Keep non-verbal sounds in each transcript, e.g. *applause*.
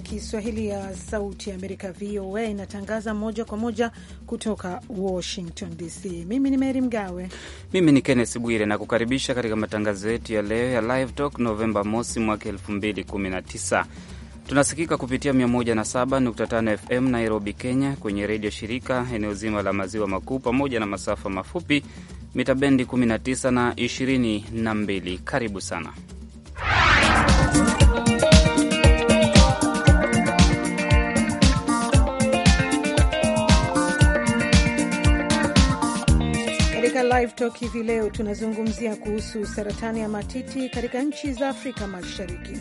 ya Kiswahili ya Sauti ya Amerika, VOA, inatangaza moja kwa moja kutoka Washington DC. Mimi ni Meri Mgawe, mimi ni Kennes Bwire na kukaribisha katika matangazo yetu ya leo ya Live Talk Novemba mosi mwaka 2019. Tunasikika kupitia 107.5 FM Nairobi, Kenya, kwenye redio shirika eneo zima la maziwa makuu, pamoja na masafa mafupi mita bendi 19 na 22. Karibu sana Live Talk hivi leo tunazungumzia kuhusu saratani ya matiti katika nchi za Afrika Mashariki.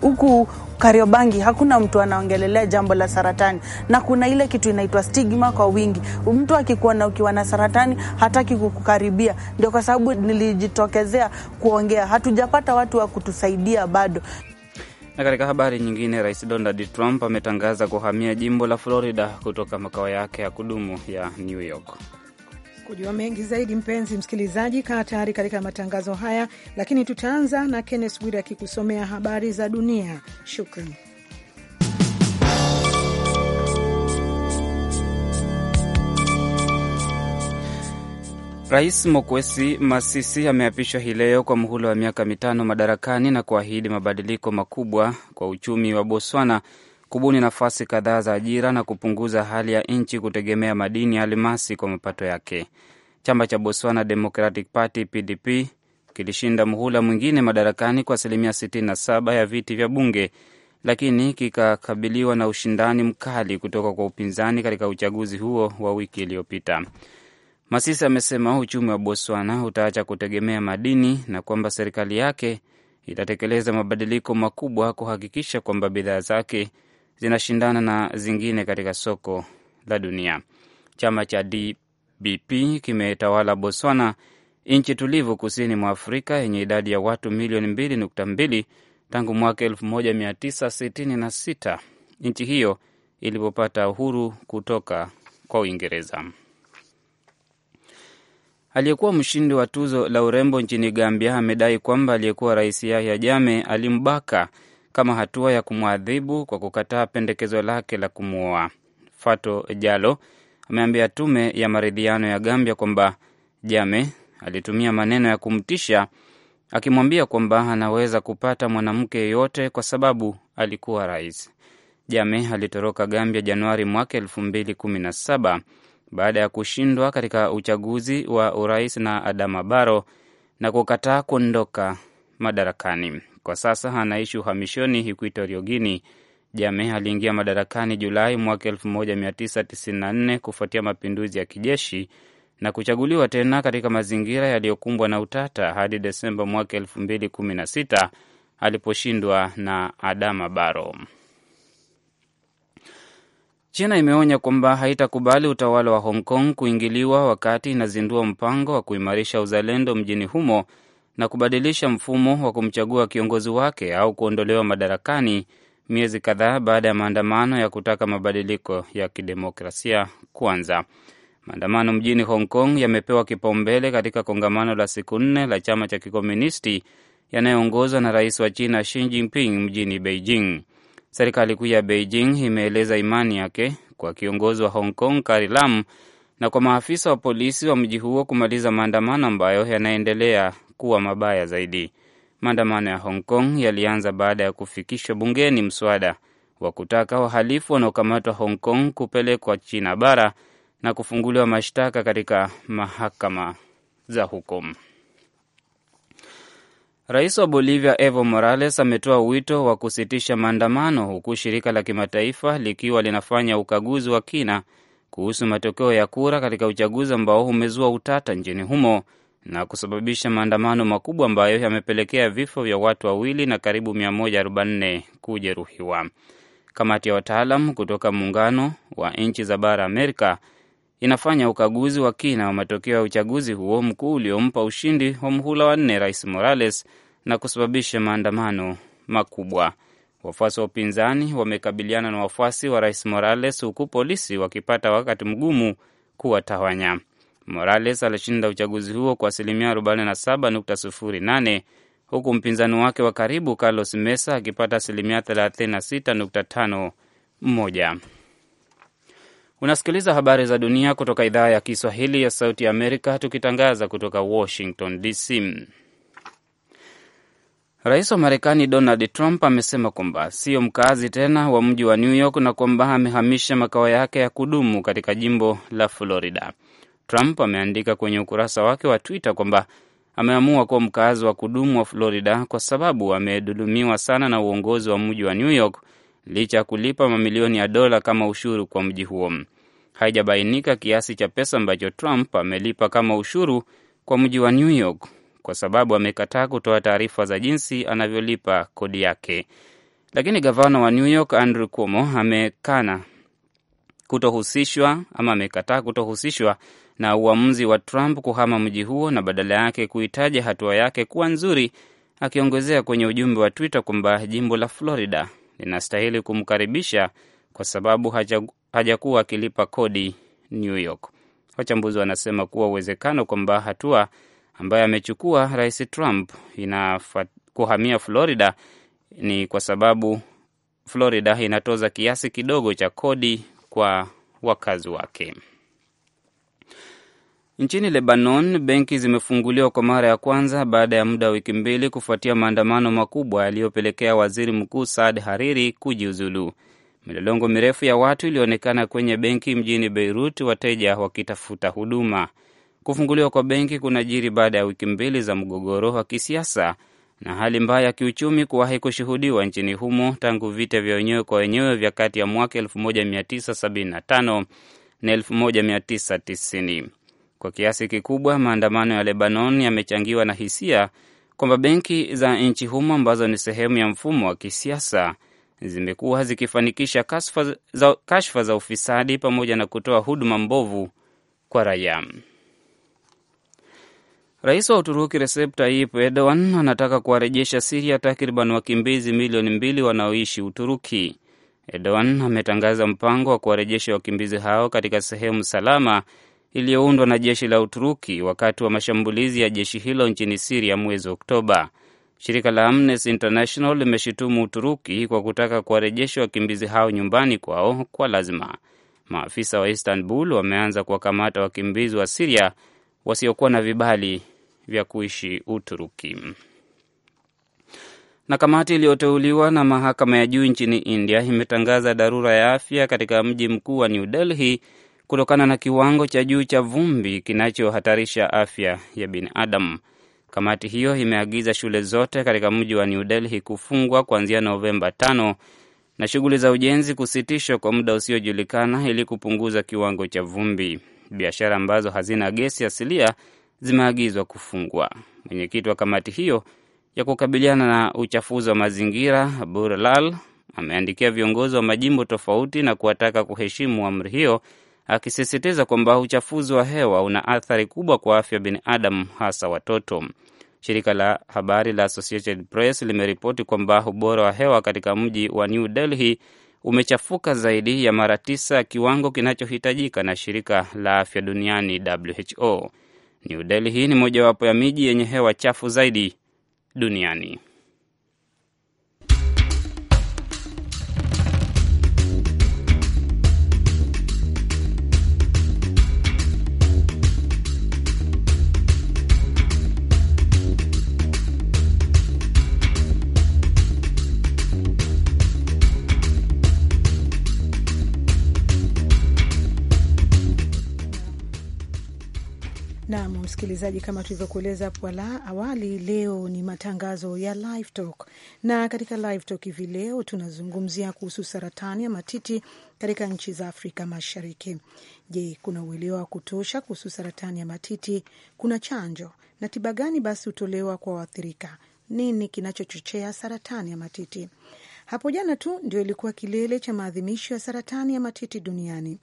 Huku Kariobangi hakuna mtu anaongelelea jambo la saratani, na kuna ile kitu inaitwa stigma kwa wingi. Mtu akikuona ukiwa na saratani hataki kukukaribia. Ndio kwa sababu nilijitokezea kuongea, hatujapata watu wa kutusaidia bado. Na katika habari nyingine, Rais Donald Trump ametangaza kuhamia jimbo la Florida kutoka makao yake ya kudumu ya New York. Kujua mengi zaidi, mpenzi msikilizaji, kaa tayari katika matangazo haya, lakini tutaanza na Kennes Bwire akikusomea habari za dunia. Shukran. Rais Mokwesi Masisi ameapishwa hii leo kwa muhula wa miaka mitano madarakani na kuahidi mabadiliko makubwa kwa uchumi wa Botswana kubuni nafasi kadhaa za ajira na kupunguza hali ya nchi kutegemea madini ya almasi kwa mapato yake. Chama cha Botswana Democratic Party PDP kilishinda muhula mwingine madarakani kwa asilimia 67 ya viti vya bunge, lakini kikakabiliwa na ushindani mkali kutoka kwa upinzani katika uchaguzi huo wa wiki iliyopita. Masisi amesema uchumi wa Botswana utaacha kutegemea madini na kwamba serikali yake itatekeleza mabadiliko makubwa kuhakikisha kwamba bidhaa zake zinashindana na zingine katika soko la dunia. Chama cha DBP kimetawala Botswana, nchi tulivu kusini mwa Afrika yenye idadi ya watu milioni 2.2 tangu mwaka 1966 nchi hiyo ilipopata uhuru kutoka kwa Uingereza. Aliyekuwa mshindi wa tuzo la urembo nchini Gambia amedai kwamba aliyekuwa rais Yahya Jammeh alimbaka kama hatua ya kumwadhibu kwa kukataa pendekezo lake la kumwoa. Fato Jalo ameambia tume ya maridhiano ya Gambia kwamba Jame alitumia maneno ya kumtisha akimwambia kwamba anaweza kupata mwanamke yeyote kwa sababu alikuwa rais. Jame alitoroka Gambia Januari mwaka elfu mbili kumi na saba baada ya kushindwa katika uchaguzi wa urais na Adama Baro na kukataa kuondoka madarakani. Kwa sasa anaishi uhamishoni Equatorial Guinea. Jame aliingia madarakani Julai mwaka 1994 kufuatia mapinduzi ya kijeshi na kuchaguliwa tena katika mazingira yaliyokumbwa na utata hadi Desemba mwaka 2016 aliposhindwa na Adama Barrow. China imeonya kwamba haitakubali utawala wa Hong Kong kuingiliwa wakati inazindua mpango wa kuimarisha uzalendo mjini humo na kubadilisha mfumo wa kumchagua kiongozi wake au kuondolewa madarakani miezi kadhaa baada ya maandamano ya kutaka mabadiliko ya kidemokrasia kwanza. Maandamano mjini Hong Kong yamepewa kipaumbele katika kongamano la siku nne la chama cha kikomunisti yanayoongozwa na rais wa China Xi Jinping mjini Beijing. Serikali kuu ya Beijing imeeleza imani yake kwa kiongozi wa Hong Kong Carrie Lam na kwa maafisa wa polisi wa mji huo kumaliza maandamano ambayo yanaendelea kuwa mabaya zaidi. Maandamano ya Hong Kong yalianza baada ya kufikishwa bungeni mswada wa kutaka wahalifu wanaokamatwa Hong Kong kupelekwa China bara na kufunguliwa mashtaka katika mahakama za hukumu. Rais wa Bolivia Evo Morales ametoa wito wa kusitisha maandamano huku shirika la kimataifa likiwa linafanya ukaguzi wa kina kuhusu matokeo ya kura katika uchaguzi ambao umezua utata nchini humo na kusababisha maandamano makubwa ambayo yamepelekea vifo vya watu wawili na karibu 144 kujeruhiwa. Kamati ya wataalam kutoka muungano wa nchi za bara Amerika inafanya ukaguzi wa kina wa matokeo ya uchaguzi huo mkuu uliompa ushindi wa mhula wa nne Rais Morales na kusababisha maandamano makubwa. Wafuasi wa upinzani wamekabiliana na wafuasi wa Rais Morales huku polisi wakipata wakati mgumu kuwatawanya. Morales alishinda uchaguzi huo kwa asilimia 47.08 huku mpinzani wake wa karibu Carlos Mesa akipata asilimia 36.51. Unasikiliza habari za dunia kutoka idhaa ya Kiswahili ya Sauti ya Amerika, tukitangaza kutoka Washington DC. Rais wa Marekani Donald Trump amesema kwamba sio mkazi tena wa mji wa New York na kwamba amehamisha makao yake ya kudumu katika jimbo la Florida. Trump ameandika kwenye ukurasa wake wa Twitter kwamba ameamua kuwa mkaazi wa kudumu wa Florida kwa sababu amedhulumiwa sana na uongozi wa mji wa New York licha ya kulipa mamilioni ya dola kama ushuru kwa mji huo. Haijabainika kiasi cha pesa ambacho Trump amelipa kama ushuru kwa mji wa New York kwa sababu amekataa kutoa taarifa za jinsi anavyolipa kodi yake. Lakini gavana wa New York Andrew Cuomo amekana kutohusishwa ama amekataa kutohusishwa na uamuzi wa Trump kuhama mji huo na badala yake kuhitaja hatua yake kuwa nzuri, akiongezea kwenye ujumbe wa Twitter kwamba jimbo la Florida linastahili kumkaribisha kwa sababu hajakuwa akilipa kodi New York. Wachambuzi wanasema kuwa uwezekano kwamba hatua ambayo amechukua Rais Trump ina kuhamia Florida ni kwa sababu Florida inatoza kiasi kidogo cha kodi kwa wakazi wake. Nchini Lebanon, benki zimefunguliwa kwa mara ya kwanza baada ya muda wa wiki mbili kufuatia maandamano makubwa yaliyopelekea waziri mkuu Saad Hariri kujiuzulu. Milolongo mirefu ya watu ilionekana kwenye benki mjini Beirut, wateja wakitafuta huduma. Kufunguliwa kwa benki kunajiri baada ya wiki mbili za mgogoro wa kisiasa na hali mbaya ya kiuchumi kuwahi kushuhudiwa nchini humo tangu vita vya wenyewe kwa wenyewe vya kati ya mwaka 1975 na 1990. Kwa kiasi kikubwa maandamano ya Lebanon yamechangiwa na hisia kwamba benki za nchi humo ambazo ni sehemu ya mfumo wa kisiasa zimekuwa zikifanikisha kashfa za ufisadi pamoja na kutoa huduma mbovu kwa raia. Rais wa Uturuki Recep Tayyip Erdogan anataka kuwarejesha Siria takriban wakimbizi milioni mbili wanaoishi Uturuki. Erdogan ametangaza mpango wa kuwarejesha wakimbizi hao katika sehemu salama iliyoundwa na jeshi la Uturuki wakati wa mashambulizi ya jeshi hilo nchini Siria mwezi Oktoba. Shirika la Amnesty International limeshutumu Uturuki kwa kutaka kuwarejesha wakimbizi hao nyumbani kwao kwa lazima. Maafisa wa Istanbul wameanza kuwakamata wakimbizi wa Siria wasiokuwa na vibali vya kuishi Uturuki. Na kamati iliyoteuliwa na mahakama ya juu nchini India imetangaza dharura ya afya katika mji mkuu wa New Delhi kutokana na kiwango cha juu cha vumbi kinachohatarisha afya ya binadamu. Kamati hiyo imeagiza shule zote katika mji wa New Delhi kufungwa kuanzia Novemba tano na shughuli za ujenzi kusitishwa kwa muda usiojulikana ili kupunguza kiwango cha vumbi. Biashara ambazo hazina gesi asilia zimeagizwa kufungwa. Mwenyekiti wa kamati hiyo ya kukabiliana na uchafuzi wa mazingira burlal ameandikia viongozi wa majimbo tofauti na kuwataka kuheshimu amri hiyo akisisitiza kwamba uchafuzi wa hewa una athari kubwa kwa afya binadamu, hasa watoto. Shirika la habari la Associated Press limeripoti kwamba ubora wa hewa katika mji wa New Delhi umechafuka zaidi ya mara tisa kiwango kinachohitajika na shirika la afya duniani WHO. New Delhi ni mojawapo ya miji yenye hewa chafu zaidi duniani. Nam msikilizaji, kama tulivyokueleza hapo awali, leo ni matangazo ya Live Talk, na katika Live Talk hivi leo tunazungumzia kuhusu saratani ya matiti katika nchi za Afrika Mashariki. Je, kuna uelewa wa kutosha kuhusu saratani ya matiti? Kuna chanjo na tiba gani basi hutolewa kwa waathirika? Nini kinachochochea saratani ya matiti? Hapo jana tu ndio ilikuwa kilele cha maadhimisho ya saratani ya matiti duniani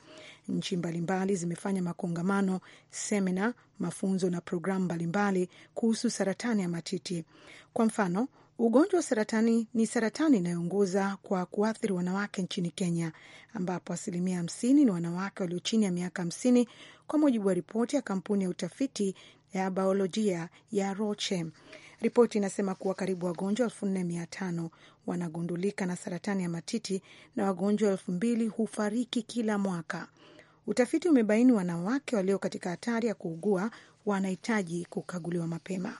Nchi mbalimbali zimefanya makongamano, semina, mafunzo na programu mbalimbali kuhusu saratani ya matiti. Kwa mfano, ugonjwa wa saratani ni saratani inayoongoza kwa kuathiri wanawake nchini Kenya, ambapo asilimia hamsini ni wanawake walio chini ya miaka hamsini, kwa mujibu wa ripoti ya kampuni ya utafiti ya biolojia ya Roche. Ripoti inasema kuwa karibu wagonjwa elfu nne mia tano wanagundulika na saratani ya matiti na wagonjwa elfu mbili hufariki kila mwaka. Utafiti umebaini wanawake walio katika hatari ya kuugua wanahitaji kukaguliwa mapema.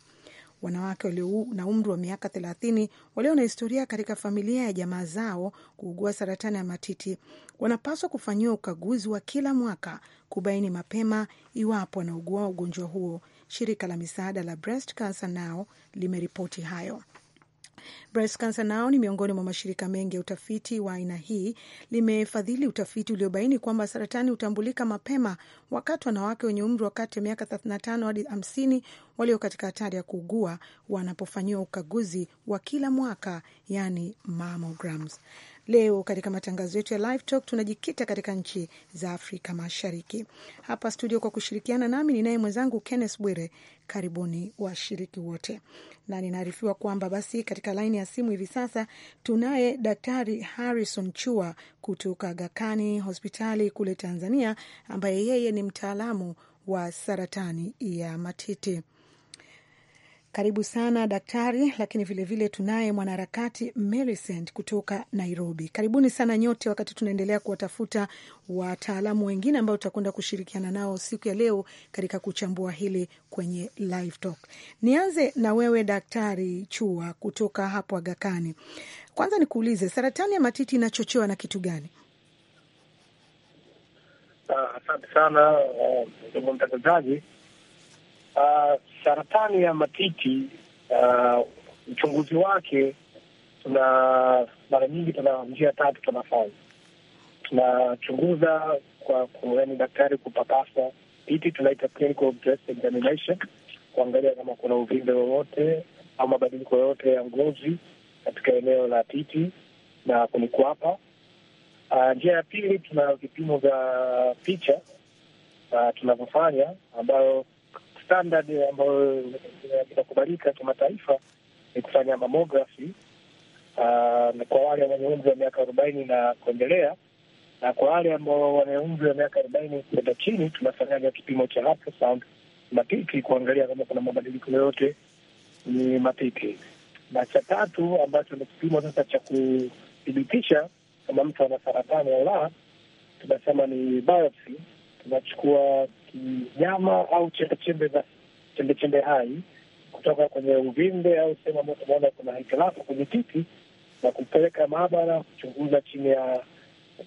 Wanawake walio na umri wa miaka thelathini walio na historia katika familia ya jamaa zao kuugua saratani ya matiti wanapaswa kufanyiwa ukaguzi wa kila mwaka kubaini mapema iwapo wanaugua ugonjwa huo. Shirika la misaada la Breast Cancer nao limeripoti hayo. Breast Cancer Now ni miongoni mwa mashirika mengi ya utafiti wa aina hii, limefadhili utafiti uliobaini kwamba saratani hutambulika mapema wakati wanawake wenye umri wa kati ya miaka 35 hadi 50 walio katika hatari ya kuugua wanapofanyiwa ukaguzi wa kila mwaka, yani mammograms. Leo katika matangazo yetu ya Live Talk tunajikita katika nchi za Afrika Mashariki. Hapa studio kwa kushirikiana nami ninaye mwenzangu Kenneth Bwire. Karibuni washiriki wote, na ninaarifiwa kwamba basi katika laini ya simu hivi sasa tunaye Daktari Harrison Chua kutoka Gakani hospitali kule Tanzania, ambaye yeye ni mtaalamu wa saratani ya matiti. Karibu sana daktari, lakini vilevile tunaye mwanaharakati Millicent kutoka Nairobi. Karibuni sana nyote, wakati tunaendelea kuwatafuta wataalamu wengine ambao tutakwenda kushirikiana nao siku ya leo katika kuchambua hili kwenye live talk. Nianze na wewe daktari Chua kutoka hapo agakani Kwanza nikuulize, saratani ya matiti inachochewa na kitu gani? Ah, asante uh, sana eh, ndugu uh, mtangazaji. Uh, saratani ya matiti uh, uchunguzi wake tuna mara nyingi, tuna njia tatu tunafanya. Tunachunguza kwa kuani daktari kupapasa titi, tunaita clinical breast examination, kuangalia kama kuna uvimbe wowote au mabadiliko yoyote ya ngozi katika eneo la titi na kunikwapa. Uh, njia ya pili tuna vipimo vya picha uh, tunavyofanya ambayo standard ambayo inakubalika kimataifa ni kufanya mamografi ah, na kwa wale wenye umri wa miaka arobaini na kuendelea, na kwa wale ambao wana umri wa miaka arobaini kwenda chini tunafanyaga kipimo cha ultrasound matiti kuangalia kama kuna mabadiliko yoyote ni matiti, na cha tatu ambacho ni kipimo sasa cha kuthibitisha kama mtu ana saratani au la, tunasema ni biopsy tunachukua kinyama au chembechembe za chembechembe hai kutoka kwenye uvimbe au sehemu ambayo tunaona kuna hitilafu kwenye titi na kupeleka maabara kuchunguza chini ya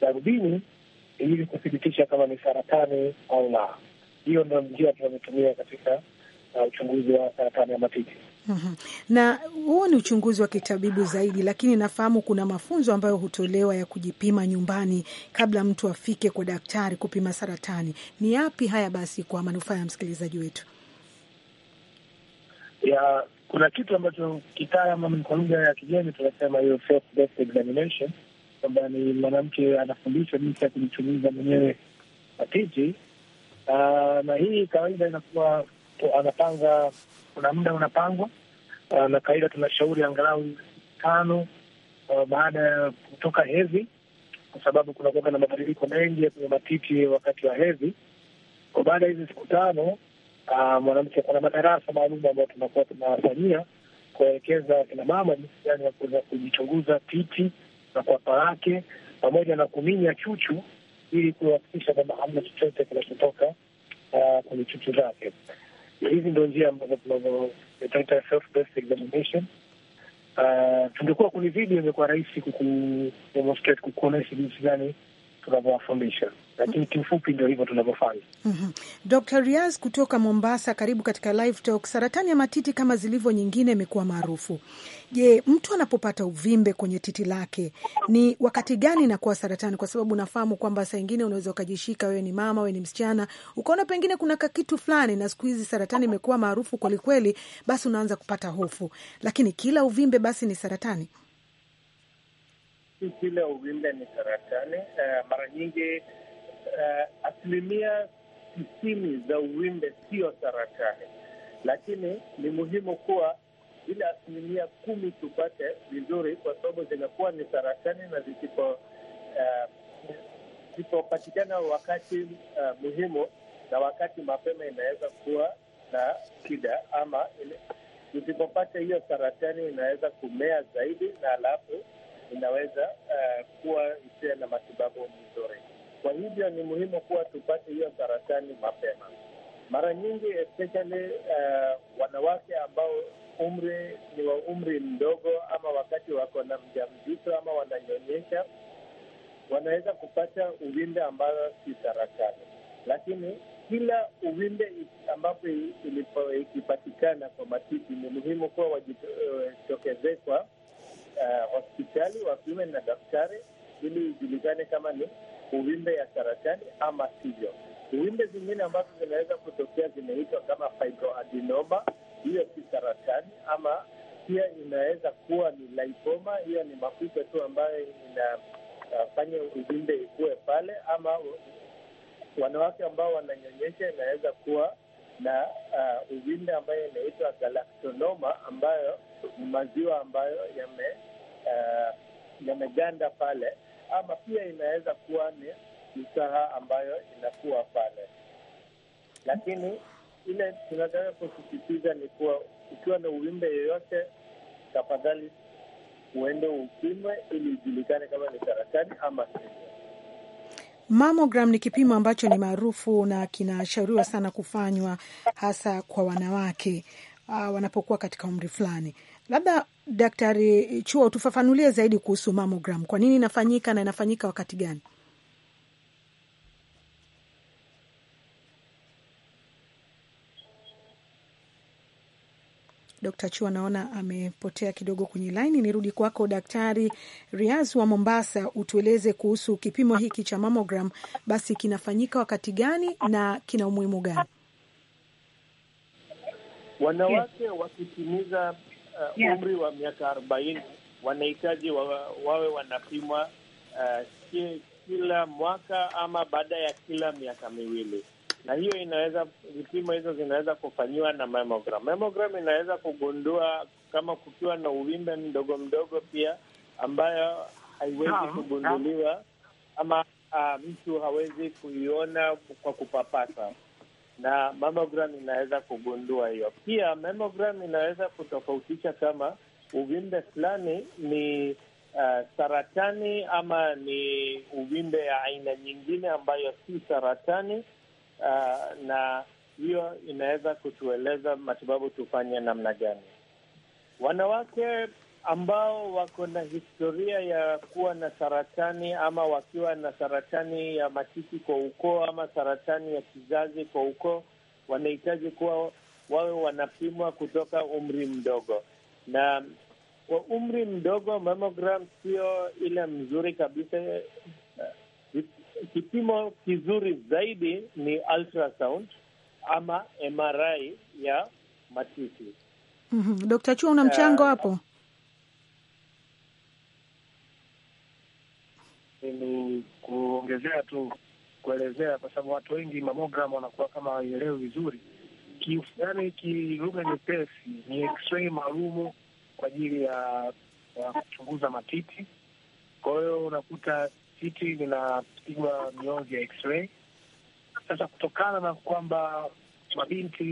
darubini ili kuthibitisha kama ni saratani au la. Hiyo ndio njia tunazotumia katika uh, uchunguzi wa saratani ya matiti. Mhm. na huo ni uchunguzi wa kitabibu zaidi, lakini nafahamu kuna mafunzo ambayo hutolewa ya kujipima nyumbani kabla mtu afike kwa daktari kupima saratani. Ni yapi haya basi, kwa manufaa ya msikilizaji wetu? ya kuna kitu ambacho kitaalam kwa lugha ya kigeni tunasema hiyo self breast examination, kwamba ni mwanamke anafundishwa jinsi ya kujichunguza mwenyewe matiti, ah, na hii kawaida inakuwa Eh, anapanga kuna muda unapangwa uh, na kawaida tunashauri angalau tano uh, baada ya kutoka hedhi, kwa sababu kunakuwa na mabadiliko mengi kwenye matiti wakati wa hedhi. Kwa baada ya hizi siku tano uh, mwanamke, kuna madarasa maalum ambayo tunakuwa tunawafanyia kuwaelekeza kina mama jinsi gani ya kuweza kujichunguza titi na kwapa lake pamoja na kuminya chuchu ili kuhakikisha kwamba hamna chochote kinachotoka uh, kwenye chuchu zake na hizi ndo njia ambazo tunazoita self-based examination. Ah, tungekuwa kuni video, imekuwa rahisi kukuonesha jinsi gani tunavyowafundisha, lakini kiufupi ndio hivyo tunavyofanya. mm -hmm. Dr. Riaz kutoka Mombasa, karibu katika Live Talk. Saratani ya matiti kama zilivyo nyingine imekuwa maarufu. Je, mtu anapopata uvimbe kwenye titi lake ni wakati gani inakuwa saratani? Kwa sababu nafahamu kwamba saa ingine unaweza ukajishika, wewe ni mama, wewe ni msichana, ukaona pengine kuna kakitu fulani, na siku hizi saratani imekuwa maarufu kwelikweli, basi unaanza kupata hofu, lakini kila uvimbe basi ni saratani? si kila uvimbe ni saratani. Uh, mara nyingi uh, asilimia tisini za uvimbe sio saratani, lakini ni muhimu kuwa ile asilimia kumi tupate vizuri, kwa sababu zinakuwa ni saratani na eh, zisipopatikana uh, wakati uh, muhimu na wakati mapema inaweza kuwa na shida ama zisipopata hiyo saratani inaweza kumea zaidi na alafu inaweza uh, kuwa isiyo na matibabu mzuri. Kwa hivyo ni muhimu kuwa tupate hiyo saratani mapema. Mara nyingi especially uh, wanawake ambao umri ni wa umri mdogo, ama wakati wako na mjamzito ama wananyonyesha, wanaweza kupata uvimbe ambayo si saratani, lakini kila uvimbe ambapo ikipatikana kwa matiti ni muhimu kuwa wajitokezekwa eh, uh, Eh, hospitali wapime na daktari ili ijulikane kama ni uvimbe ya saratani ama sivyo. Uvimbe zingine ambazo zinaweza kutokea zinaitwa kama fibroadenoma, hiyo si saratani, ama pia inaweza kuwa ni lipoma, hiyo ni mafuta tu ambayo inafanya uh, uvimbe ikuwe pale, ama wanawake ambao wananyonyesha inaweza kuwa na uh, uvimbe ambayo inaitwa galactonoma ambayo maziwa ambayo yame uh, yameganda pale, ama pia inaweza kuwa ni misaha ambayo inakuwa pale, lakini ile tunataka kusisitiza ni kuwa ukiwa na uvimbe yoyote, tafadhali uende upimwe ili ijulikane kama ni saratani ama sivyo. Mammogram ni kipimo ambacho ni maarufu na kinashauriwa sana kufanywa hasa kwa wanawake uh, wanapokuwa katika umri fulani. Labda Daktari Chuo, tufafanulie zaidi kuhusu mamogram, kwa nini inafanyika na inafanyika wakati gani? Dkt Chuo naona amepotea kidogo kwenye laini. Nirudi kwako Daktari Riaz wa Mombasa, utueleze kuhusu kipimo hiki cha mamogram, basi kinafanyika wakati gani na kina umuhimu gani? Wanawake wakitimiza uh, yeah. umri wa miaka arobaini wanahitaji wa, wawe wanapimwa uh, kila mwaka ama baada ya kila miaka miwili, na hiyo inaweza, vipimo hizo zinaweza kufanyiwa na mammogram. Mammogram inaweza kugundua kama kukiwa na uvimbe mdogo mdogo pia ambayo haiwezi ah, kugunduliwa ah. ama uh, mtu hawezi kuiona kwa kupapasa na mammogram inaweza kugundua hiyo. Pia mammogram inaweza kutofautisha kama uvimbe fulani ni uh, saratani ama ni uvimbe ya aina nyingine ambayo si saratani uh, na hiyo inaweza kutueleza matibabu tufanye namna gani. Wanawake ambao wako na historia ya kuwa na saratani ama wakiwa na saratani ya matiti kwa ukoo ama saratani ya kizazi kwa ukoo, wanahitaji kuwa wawe wanapimwa kutoka umri mdogo. Na kwa umri mdogo mammogram sio ile mzuri kabisa. Kipimo kizuri zaidi ni ultrasound ama MRI ya matiti. Mm -hmm. Chua, una mchango eh, hapo? Uh, ni kuongezea tu kuelezea, kwa sababu watu wengi mamogram wanakuwa kama hawaielewi vizuri. Yaani kilugha nyepesi ni x-ray maalumu kwa ajili ya kuchunguza matiti. Kwa hiyo unakuta titi linapigwa mionzi ya x-ray. Sasa kutokana na kwamba mabinti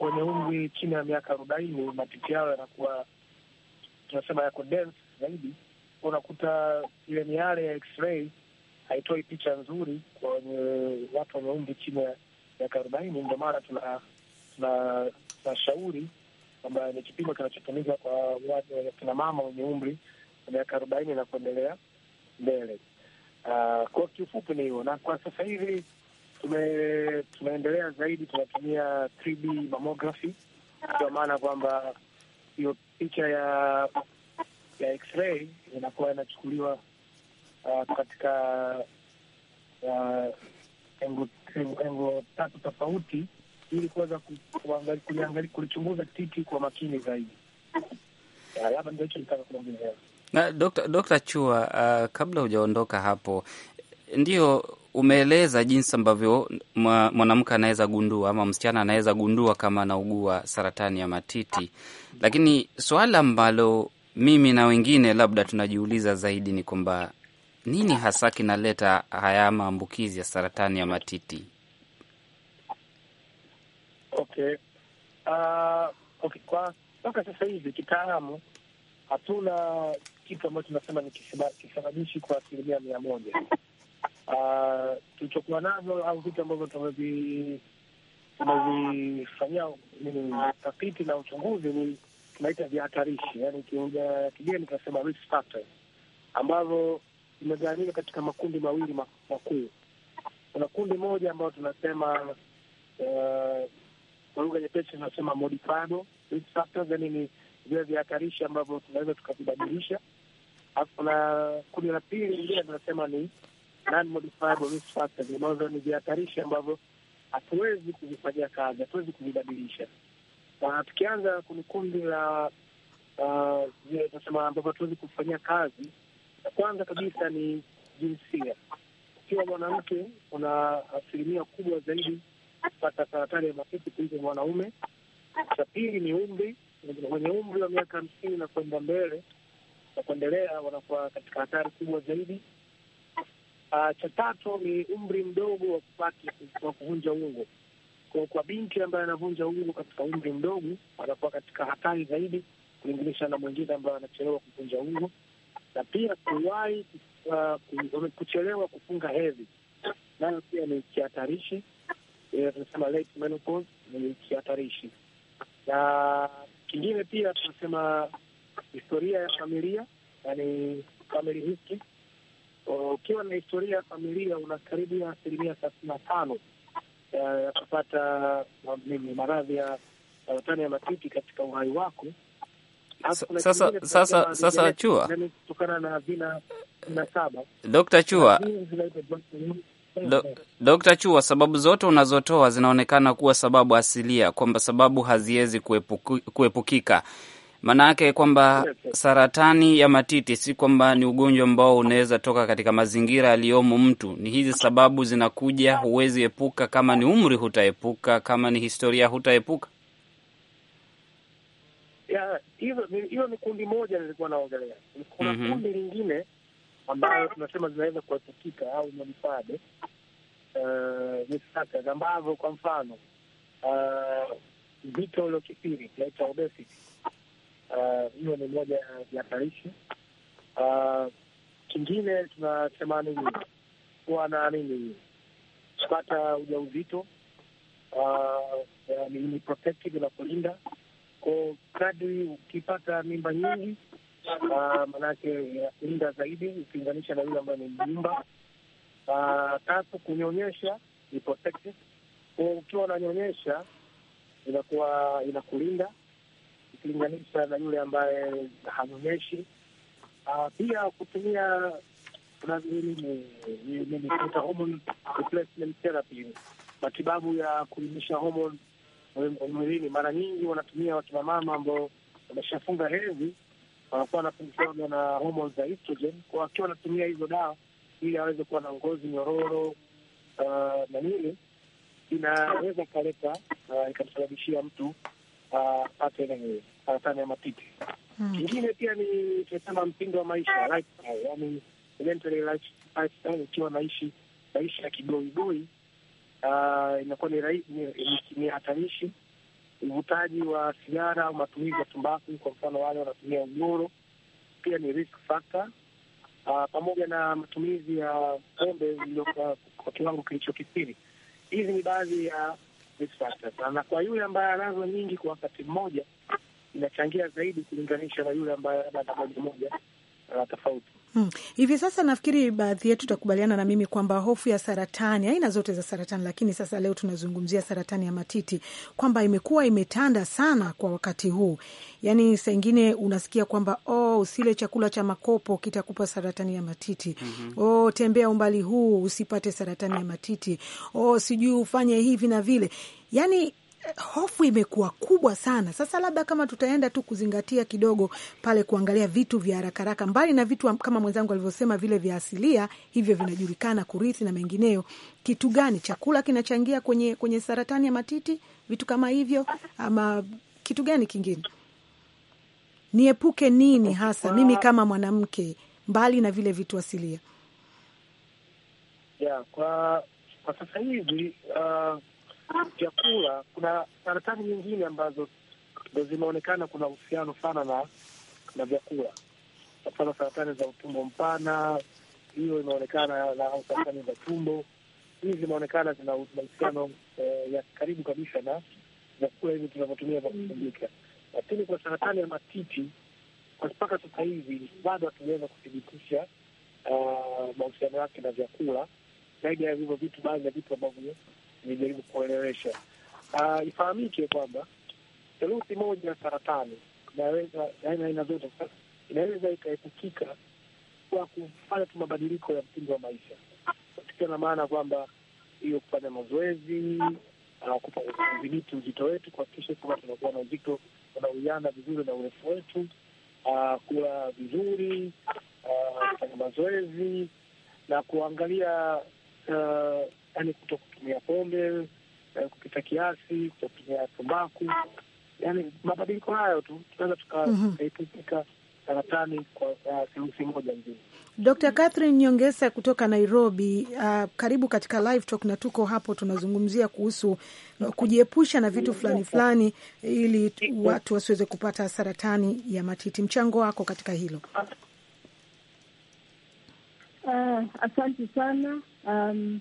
wenye umri chini ya miaka arobaini matiti yao yanakuwa tunasema yako dense zaidi unakuta ile miale ya x-ray haitoi picha nzuri kwa wenye watu wenye umri chini ya miaka arobaini. Ndio maana tuna tunashauri kwamba ni kipimo kinachotumika kwa kina mama wenye umri wa miaka arobaini na kuendelea mbele. Uh, kwa kiufupi ni hiyo, na kwa sasa hivi tume- zaidi, tunatumia 3D mammography, ndio maana kwamba hiyo picha ya ya x-ray inakuwa inachukuliwa uh, katika uh, engo tatu tofauti ili kuweza kulichunguza titi kwa makini zaidi. Labda ndio hicho nitaka kuongelea na Dokta Chua, uh, kabla hujaondoka hapo, ndio umeeleza jinsi ambavyo mwanamke anaweza gundua ama msichana anaweza gundua kama anaugua saratani ya matiti, lakini swala ambalo mimi na wengine labda tunajiuliza zaidi ni kwamba nini hasa kinaleta haya maambukizi ya saratani ya matiti? Okay, uh, okay. Kwa mpaka sasa hivi kitaalamu hatuna kitu ambacho tunasema ni kisababishi kwa asilimia mia moja. Uh, tulichokuwa navyo au vitu ambavyo tumevifanyia tafiti na uchunguzi ni tunaita vihatarishi, yani kigeni tunasema risk factors, ambavyo imegawanyika katika makundi mawili makuu. Kuna kundi moja ambayo tunasema eh, kwa lugha nyepesi tunasema modifiable risk factors, yani ni vile vihatarishi ambavyo tunaweza tukavibadilisha. Alafu kuna kundi la pili lingine tunasema ni non modifiable risk factors, ambazo ni vihatarishi ambavyo hatuwezi kuvifanyia kazi, hatuwezi kuvibadilisha. Uh, tukianza kwenye kundi la vile ah, uh, tunasema ambavyo hatuwezi kufanyia kazi, ya kwanza kabisa ni jinsia. Ukiwa mwanamke una asilimia kubwa zaidi kupata saratani ya matiti kuliko mwanaume. Cha pili ni umri, wenye umri wa miaka hamsini na kwenda mbele na kuendelea wanakuwa katika hatari kubwa zaidi. Uh, cha tatu ni umri mdogo wa kupata wa kuvunja ungo kwa, kwa binti ambaye anavunja uhuru katika umri mdogo anakuwa katika hatari zaidi kulinganisha na mwingine ambaye anachelewa kuvunja uhuru, na pia kuwahi uh, kuchelewa kufunga hedhi nayo pia ni kihatarishi, eh, tunasema late menopause ni kihatarishi. Na kingine pia tunasema historia ya familia, yani family history. Oh, ukiwa na historia ya familia una ya asilimia thelathini na tano yakapata kupata maradhi ya saratani ya matiti katika uhai wako. Sasa sasa sasa, Chua kutokana na vina saba, Dr. Chua Do, Dokta Chua, sababu zote unazotoa zinaonekana kuwa sababu asilia, kwamba sababu haziwezi kuepukika. Maanake kwamba saratani ya matiti si kwamba ni ugonjwa ambao unaweza toka katika mazingira yaliyomo mtu, ni hizi sababu zinakuja, huwezi epuka. Kama ni umri hutaepuka, kama ni historia hutaepuka. Hiyo ni kundi moja nilikuwa naongelea. Kuna mm -hmm. kundi lingine ambayo tunasema zinaweza kuepukika au mabifade eh, visaka uh, ambavyo kwa mfano uh, eh, vito uliokithiri Eh, hiyo ni moja ya vihatarishi. Eh, kingine tunasema nini, kuwa na nini, kupata ujauzito eh, ni protective na kulinda ko kadri ukipata mimba nyingi, maanake inakulinda zaidi ukilinganisha na yule ambayo ni mjumba. Tatu, kunyonyesha ni protective, ko ukiwa unanyonyesha inakuwa inakulinda ukilinganisha na yule ambaye hanyonyeshi. Uh, ah, pia kutumia replacement therapy, matibabu ya kuimisha homoni mwilini. Mara nyingi wanatumia wakina mama ambao wameshafunga hedhi, wanakuwa wanapunguzwa na homoni za estrogen, kwa wakiwa wanatumia hizo dawa ili aweze kuwa na ngozi nyororo uh, na nini, inaweza ikaleta uh, ikamsababishia mtu apate nini saratani ya matiti. Hmm. Kingine pia ni tunasema mpindo wa maisha yaani lifestyle, yani Ikiwa naishi maisha ya kigoigoi, ah, inakuwa ni hatarishi. Uvutaji wa sigara au matumizi ya tumbaku, kwa mfano wale wanatumia ugoro, pia ni risk factor. Uh, pamoja na matumizi ya pombe kwa kiwango kilichokithiri. Hizi ni baadhi ya uh, risk factors, na kwa yule ambaye anazo nyingi kwa wakati mmoja inachangia zaidi kulinganisha na yule ambaye ana moja moja na tofauti. Hmm. Hivi sasa nafikiri baadhi yetu takubaliana na mimi kwamba hofu ya saratani, aina zote za saratani, lakini sasa leo tunazungumzia saratani ya matiti, kwamba imekuwa imetanda sana kwa wakati huu. Yaani saa ingine unasikia kwamba oh, usile chakula cha makopo kitakupa saratani ya matiti. Mm -hmm. Oh, tembea umbali huu usipate saratani ya matiti. Oh, sijui ufanye hivi na vile. Yaani hofu imekuwa kubwa sana sasa. Labda kama tutaenda tu kuzingatia kidogo pale, kuangalia vitu vya haraka haraka, mbali na vitu kama mwenzangu alivyosema vile vya asilia, hivyo vinajulikana kurithi na mengineyo. Kitu gani, chakula kinachangia kwenye, kwenye saratani ya matiti, vitu kama hivyo, ama kitu gani kingine? Niepuke nini hasa mimi kama mwanamke, mbali na vile vitu asilia? Yeah, kwa kwa sasa hivi uh vyakula, kuna saratani nyingine ambazo ndo zimeonekana kuna uhusiano sana na na vyakula, kwa mfano saratani za utumbo mpana, hiyo imeonekana na saratani za tumbo, hizi zimeonekana zina mahusiano eh, ya karibu kabisa na vyakula hivi tunavyotumia vya kusindika. Lakini kwa saratani ya matiti, kwa mpaka sasa hivi bado hatujaweza kuthibitisha eh, mahusiano yake na vyakula, zaidi ya hivyo vitu, baadhi ya vitu ambavyo nijaribu kuelewesha. Uh, ah, ifahamike kwamba theluthi moja ya saratani inaweza yaani aina aina zote inaweza ikaepukika kwa kufanya tu mabadiliko ya mtindo wa maisha, tukiwa na maana kwamba hiyo kufanya mazoezi, ah, kudhibiti uzito wetu, kuhakikisha kwamba tunakuwa na uzito unauiana vizuri na urefu wetu, ah, kula vizuri, kufanya mazoezi na kuangalia yani kuto kutumia pombe eh, kupita kiasi, kuto tumbaku, yani mabadiliko hayo tu tunaweza mhm. tukaipuzika saratani kwa seusi moja nzima. Dr. Catherine Nyongesa kutoka Nairobi, uh, karibu katika live talk, na tuko hapo tunazungumzia kuhusu eh, kujiepusha na vitu fulani fulani ili watu wasiweze kupata saratani ya matiti. Mchango wako katika hilo? Uh, asante sana um,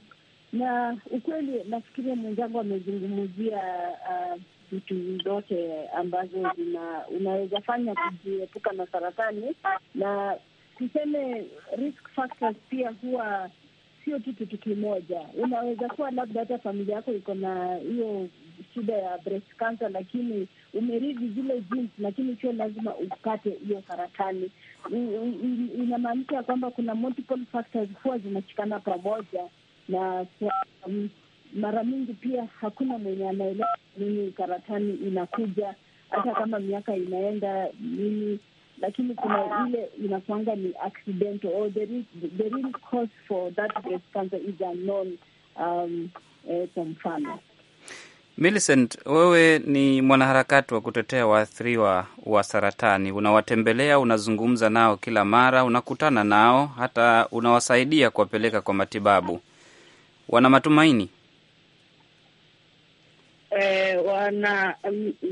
na ukweli nafikiria mwenzangu amezungumzia uh, vitu uh, zote ambazo zina unaweza fanya kujiepuka na saratani, na tuseme risk factors pia huwa sio tu kitu kimoja. Unaweza kuwa labda hata familia yako iko na hiyo shida ya breast cancer, lakini umerithi zile genes, lakini sio lazima upate hiyo saratani. Inamaanisha kwamba kuna multiple factors huwa zinashikana pamoja na kwa um, mara mingi pia hakuna mwenye anaelewa nini karatani inakuja, hata kama miaka inaenda nini, lakini kuna ile inakwanga ni accidental or the real, the real cause for that breast cancer is unknown. Um, eh, kwa mfano Millicent, wewe ni mwanaharakati wa kutetea waathiriwa wa saratani, unawatembelea, unazungumza nao kila mara, unakutana nao, hata unawasaidia kuwapeleka kwa matibabu wana matumaini e, wana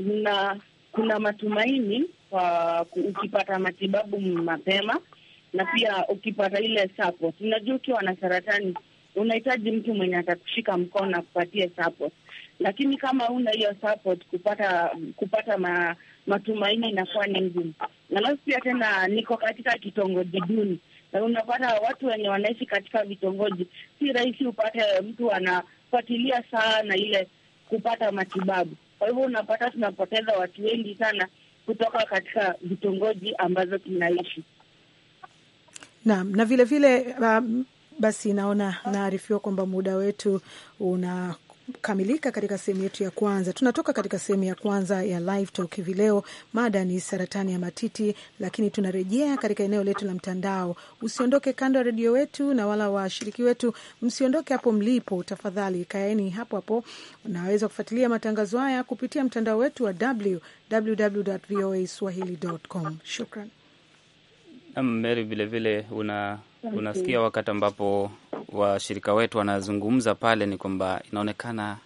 na kuna matumaini kwa ukipata matibabu mapema na pia ukipata ile support. Unajua, ukiwa na saratani unahitaji mtu mwenye atakushika mkono na kupatie support, lakini kama una hiyo support, kupata kupata ma, matumaini inakuwa ni ngumu. na Alafu pia tena niko katika kitongoji duni, Eh, unapata watu wenye wanaishi katika vitongoji, si rahisi upate mtu anafuatilia sana ile kupata matibabu. Kwa hivyo unapata tunapoteza watu wengi sana kutoka katika vitongoji ambazo tunaishi. Naam, na vilevile na vile, um, basi naona naarifiwa kwamba muda wetu una kamilika katika sehemu yetu ya kwanza. Tunatoka katika sehemu ya kwanza ya live talk hivi leo, mada ni saratani ya matiti, lakini tunarejea katika eneo letu la mtandao. Usiondoke kando ya redio wetu na wala washiriki wetu, msiondoke hapo mlipo. Tafadhali kaeni hapo hapo. Unaweza kufuatilia matangazo haya kupitia mtandao wetu wa www voa Shukran. Meri, vilevile una okay. Unasikia wakati ambapo washirika wetu wanazungumza pale, ni kwamba inaonekana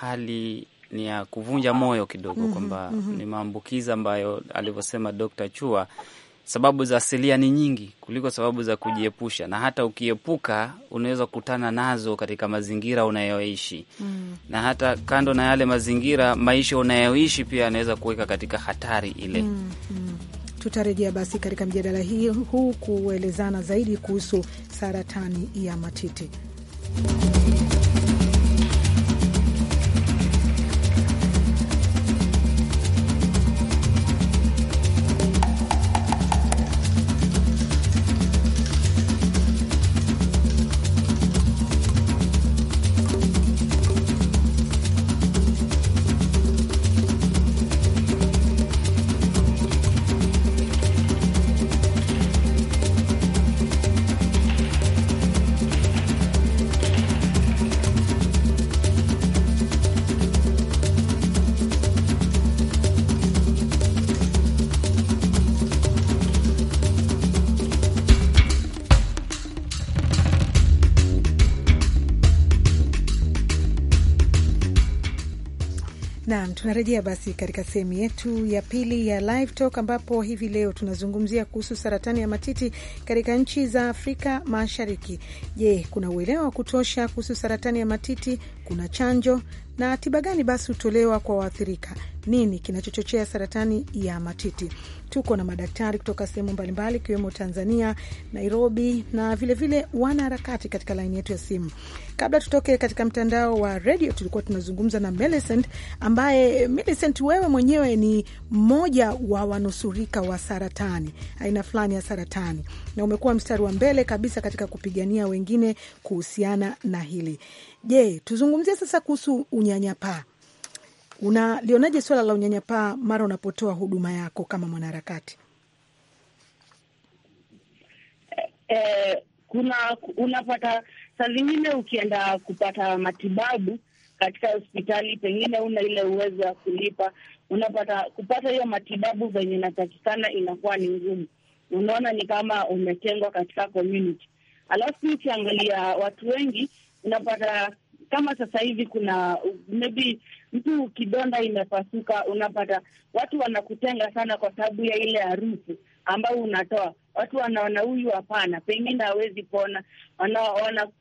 hali ni ya kuvunja moyo kidogo, mm -hmm, kwamba mm -hmm. ni maambukizi ambayo alivyosema Dkt. Chua, sababu za asilia ni nyingi kuliko sababu za kujiepusha, na hata ukiepuka unaweza kukutana nazo katika mazingira unayoishi mm. na hata kando na yale mazingira, maisha unayoishi pia anaweza kuweka katika hatari ile mm -hmm. Tutarejea basi katika mjadala hii huu kuelezana zaidi kuhusu saratani ya matiti. Naam, tunarejea basi katika sehemu yetu ya pili ya Live Talk ambapo hivi leo tunazungumzia kuhusu saratani ya matiti katika nchi za Afrika Mashariki. Je, kuna uelewa wa kutosha kuhusu saratani ya matiti? Kuna chanjo na tiba gani basi hutolewa kwa waathirika? Nini kinachochochea saratani ya matiti? Tuko na madaktari kutoka sehemu mbalimbali ikiwemo Tanzania, Nairobi na vilevile wanaharakati katika laini yetu ya simu. Kabla tutoke katika mtandao wa redio, tulikuwa tunazungumza na Millicent ambaye, Millicent, wewe mwenyewe ni mmoja wa wanusurika wa saratani, aina fulani ya saratani, na umekuwa mstari wa mbele kabisa katika kupigania wengine kuhusiana na hili. Je, tuzungumzie sasa kuhusu unyanyapaa. Unalionaje swala la unyanyapaa mara unapotoa huduma yako kama mwanaharakati? Eh, eh kuna unapata saa zingine ukienda kupata matibabu katika hospitali, pengine una ile uwezo wa kulipa, unapata kupata hiyo matibabu venye inatakikana inakuwa ni ngumu. Unaona ni kama umetengwa katika community, alafu ukiangalia watu wengi unapata kama sasa hivi kuna maybe mtu kidonda imepasuka, unapata watu wanakutenga sana kwa sababu ya ile harufu ambayo unatoa. Watu wanaona huyu hapana, pengine hawezi pona,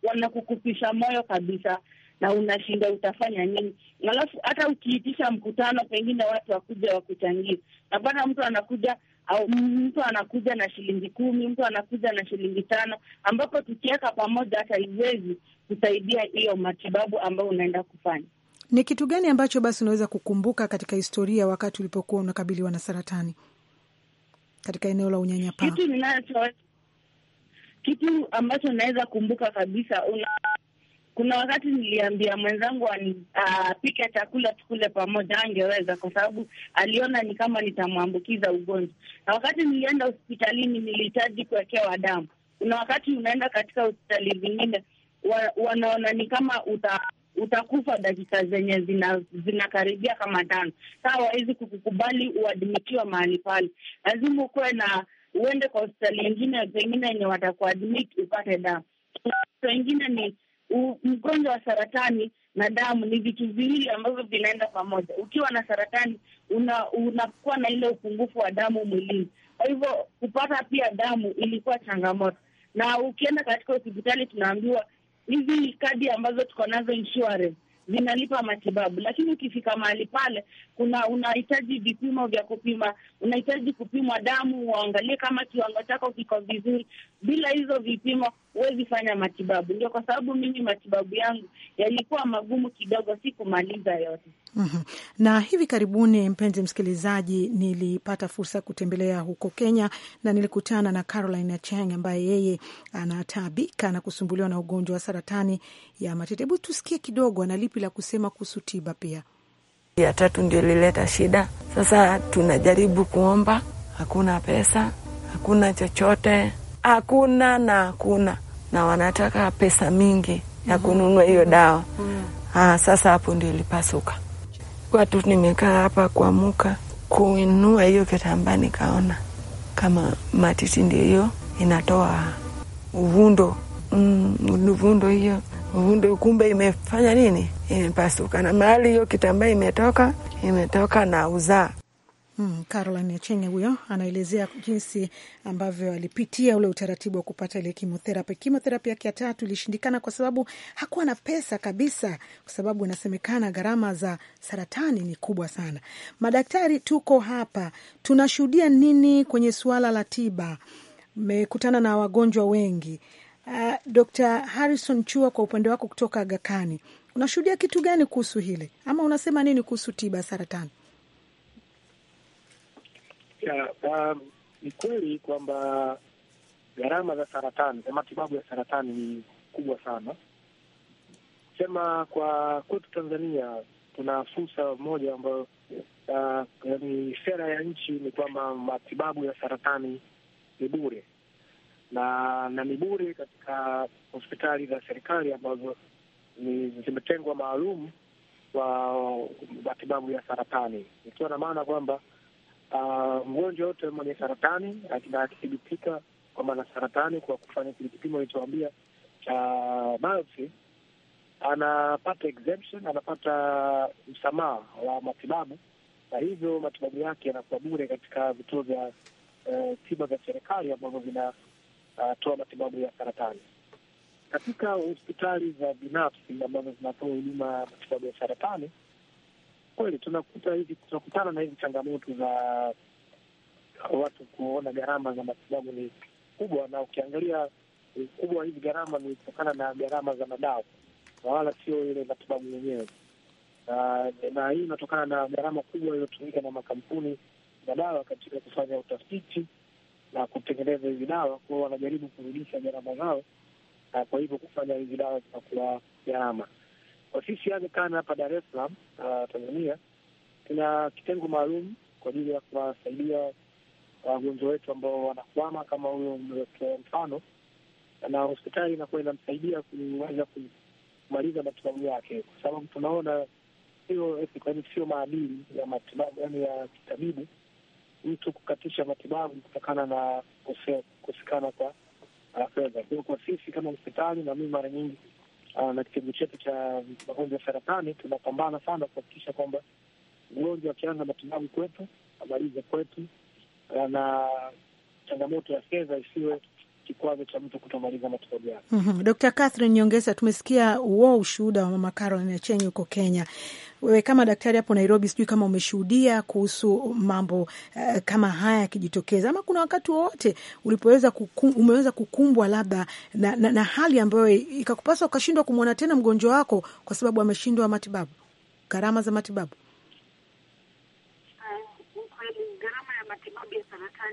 wanakukupisha wana, wana moyo kabisa, na unashinda utafanya nini? Alafu hata ukiitisha mkutano, pengine watu wakuja wakuchangie, napata mtu anakuja au mtu anakuja na shilingi kumi, mtu anakuja na shilingi tano, ambapo tukiweka pamoja hata iwezi kusaidia hiyo matibabu ambayo unaenda kufanya. Ni kitu gani ambacho basi unaweza kukumbuka katika historia wakati ulipokuwa unakabiliwa na saratani katika eneo la unyanyapaa? Kitu ninacho kitu ambacho naweza kumbuka kabisa una kuna wakati niliambia mwenzangu ah, apike chakula tukule pamoja, angeweza kwa sababu aliona ni kama nitamwambukiza ugonjwa. Na wakati nilienda hospitalini nilihitaji kuwekewa damu. Kuna wakati unaenda katika hospitali zingine wa, wanaona ni kama uta utakufa dakika zenye zina, zinakaribia kama tano. Saa wawezi kukukubali uadmitiwa mahali pale, lazima ukuwe na uende kwa hospitali ingine pengine yenye watakuadmit upate damu. Wengine ni mgonjwa wa saratani na damu ni vitu viwili ambavyo vinaenda pamoja. Ukiwa na saratani unakuwa una na ile upungufu wa damu mwilini, kwa hivyo kupata pia damu ilikuwa changamoto. Na ukienda katika hospitali tunaambiwa hizi kadi ambazo tuko nazo insurance zinalipa matibabu, lakini ukifika mahali pale unahitaji vipimo vya kupima, unahitaji kupimwa damu, waangalie kama kiwango chako kiko vizuri. Bila hizo vipimo huwezi fanya matibabu. Ndio kwa sababu mimi matibabu yangu yalikuwa magumu kidogo, si kumaliza yote. mm -hmm. Na hivi karibuni, mpenzi msikilizaji, nilipata fursa ya kutembelea huko Kenya na nilikutana na Caroline Achang ambaye yeye anataabika na kusumbuliwa na ugonjwa wa saratani ya matiti. Hebu tusikie kidogo ana lipi la kusema kuhusu tiba pia ya tatu ndio ilileta shida. Sasa tunajaribu kuomba, hakuna pesa, hakuna chochote, hakuna na hakuna, na wanataka pesa mingi ya mm-hmm. kununua hiyo dawa. Mm-hmm. Aa, ah, sasa hapo ndio ilipasuka. Kwa tu nimekaa hapa kuamuka kuinua hiyo kitambaa, nikaona kama matiti ndio hiyo inatoa uvundo, mm, uvundo hiyo uvundo kumbe imefanya nini, imepasuka na mahali hiyo kitambaa imetoka, imetoka na uzaa Hmm, Caroline Achenge huyo anaelezea jinsi ambavyo alipitia ule utaratibu wa kupata ile kimotherapi. Kimotherapi yake ya tatu ilishindikana kwa sababu hakuwa na pesa kabisa, kwa sababu inasemekana gharama za saratani ni kubwa sana. Madaktari tuko hapa, tunashuhudia nini kwenye suala la tiba? Mmekutana na wagonjwa wengi Uh, eh, Dr. Harrison Chua, kwa upande wako kutoka gakani unashuhudia kitu gani kuhusu hili ama unasema nini kuhusu tiba ya saratani? Um, ni kweli kwamba gharama za saratani za matibabu ya saratani ni kubwa sana. Sema kwa kwetu Tanzania tuna fursa moja ambayo uh, ni sera ya nchi ni kwamba matibabu ya saratani ni bure na na ni bure katika hospitali za serikali ambazo zimetengwa maalum kwa matibabu ya saratani, ikiwa na maana kwamba uh, mgonjwa yote mwenye saratani na akithibitika kwamba na saratani kwa kufanya kile kipimo ilichoambia cha biopsy, anapata exemption, anapata msamaha wa matibabu, na hivyo matibabu yake yanakuwa bure katika vituo vya eh, tiba vya serikali ambavyo vina kutoa matibabu ya saratani. Katika hospitali za binafsi ambazo zinatoa huduma ya matibabu ya saratani, kweli tunakuta hivi, tunakutana na hizi changamoto za watu kuona gharama za matibabu ni kubwa, na ukiangalia ukubwa wa hizi gharama ni kutokana na gharama za madawa na wala sio ile matibabu yenyewe. Na, na hii inatokana na gharama kubwa iliyotumika na makampuni madawa katika kufanya utafiti na kutengeneza hizi dawa hiyo wanajaribu kurudisha gharama zao, na kwa hivyo kufanya hizi dawa zinakuwa gharama. Kwa sisi yani kana hapa Dar es Salaam ah, Tanzania, tuna kitengo maalum kwa ajili ya kuwasaidia wagonjwa wetu ambao wanakwama, kama huyo mliotoa mfano, na hospitali inakuwa inamsaidia kuweza kumaliza matibabu yake, kwa sababu tunaona hiyo eh, sio maadili ya matibabu, yani ya kitabibu mtu kukatisha matibabu kutokana na kukosekana kwa fedha. Kwa kwa sisi kama hospitali na mimi mara nyingi ah, na kitengo chetu cha magonjwa ya saratani tunapambana sana kuhakikisha kwamba mgonjwa akianza matibabu kwetu amalize kwetu, ah, na changamoto ya fedha isiwe kikwazo cha mtu kutomaliza matibabu yake. Mm -hmm. Dkt. Catherine Nyongesa, tumesikia uo ushuhuda wa mama Caroline Achenyi huko Kenya wewe kama daktari hapo Nairobi, sijui kama umeshuhudia kuhusu mambo uh, kama haya yakijitokeza, ama kuna wakati wowote ulipoweza kukum, umeweza kukumbwa labda na, na, na hali ambayo ikakupasa ukashindwa kumwona tena mgonjwa wako kwa sababu ameshindwa matibabu, gharama za matibabu? Ah,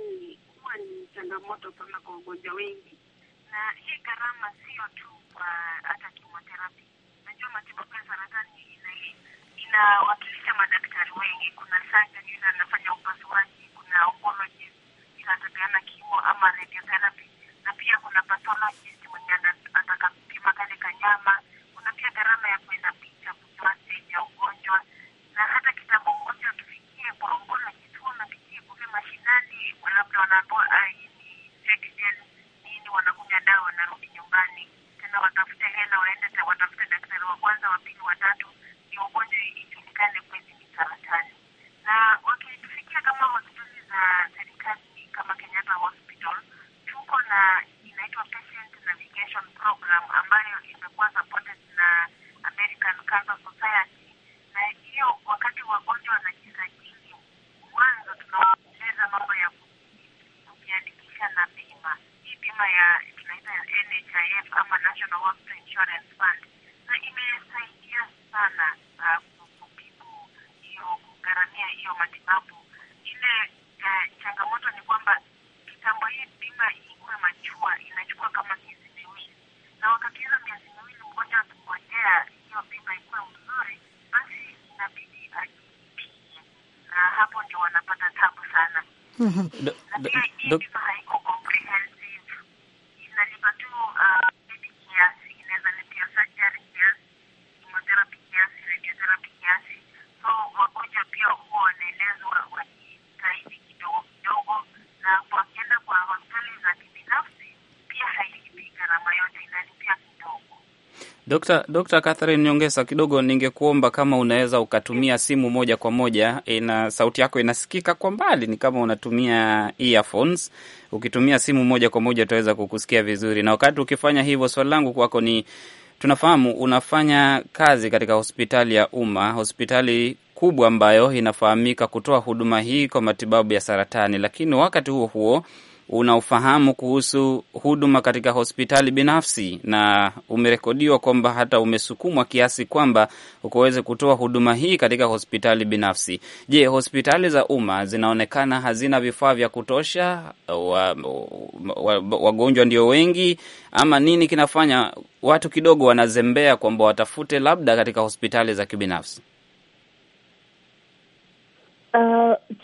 changamoto sana kwa wagonjwa wengi, na hii gharama sio tu hata kimotherapy. Najua matibabu ya saratani inawakilisha madaktari wengi. Kuna surgeon yule anafanya upasuaji, kuna oncologist yule atapeana kimo ama radiotherapy, na pia kuna pathologist mwenye atakapima kale kanyama. Kuna pia gharama ya kuenda picha kujua stage ya ugonjwa, na hata kitambo mgonjwa tufikie kwa oncologist, huwa wanapitia kule mashinani, labda wanaambiwa ni section nini, wanakunywa dawa wanarudi nyumbani tena watafute hela, waende watafute daktari wa kwanza, wa pili, watatu ndio ugonjwa ijulikane kweli ni saratani na no, *laughs* Dokta Catherine Nyongesa, kidogo ningekuomba kama unaweza ukatumia simu moja kwa moja, ina sauti yako inasikika kwa mbali, ni kama unatumia earphones. Ukitumia simu moja kwa moja utaweza kukusikia vizuri, na wakati ukifanya hivyo, swali langu kwako ni tunafahamu unafanya kazi katika hospitali ya umma, hospitali kubwa ambayo inafahamika kutoa huduma hii kwa matibabu ya saratani, lakini wakati huo huo unaofahamu kuhusu huduma katika hospitali binafsi, na umerekodiwa kwamba hata umesukumwa kiasi kwamba ukuweze kutoa huduma hii katika hospitali binafsi. Je, hospitali za umma zinaonekana hazina vifaa vya kutosha? Wagonjwa ndio wengi ama nini kinafanya watu kidogo wanazembea kwamba watafute labda katika hospitali za kibinafsi?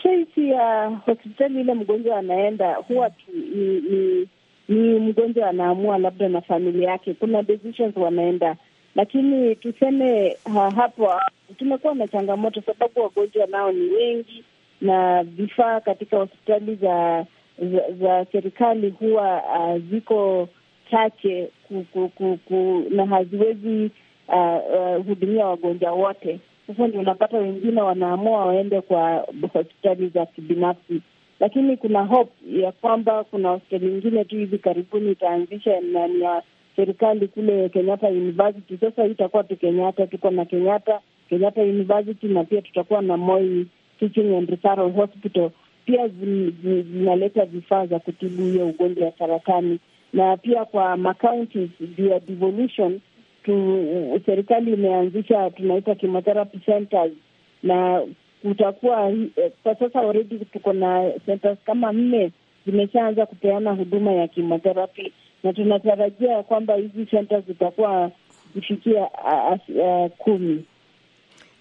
Choice uh, ya hospitali ile mgonjwa anaenda huwa tu ni, ni, ni mgonjwa anaamua labda na familia yake, kuna decisions wanaenda, lakini tuseme ha, hapo tumekuwa na changamoto sababu wagonjwa nao ni wengi na vifaa katika hospitali za za, za serikali huwa uh, ziko chache ku, ku, ku, ku, na haziwezi uh, uh, hudumia wagonjwa wote. Sasa ndio unapata wengine wanaamua waende kwa hospitali za kibinafsi, lakini kuna hope ya kwamba kuna hospitali ingine tu hivi karibuni itaanzisha na ni ya serikali kule Kenyatta University. Sasa hii itakuwa tu Kenyatta, tuko na Kenyatta Kenyatta University na pia tutakuwa na Moi Teaching and Referral Hospital pia zinaleta vifaa za kutibu hiyo ugonjwa wa saratani, na pia kwa makaunti via devolution tu, serikali imeanzisha tunaita chemotherapy centers na kutakuwa eh, kwa sasa already tuko na centers kama nne zimeshaanza kupeana huduma ya chemotherapy, na tunatarajia kwamba hizi centers zitakuwa zifikia kumi.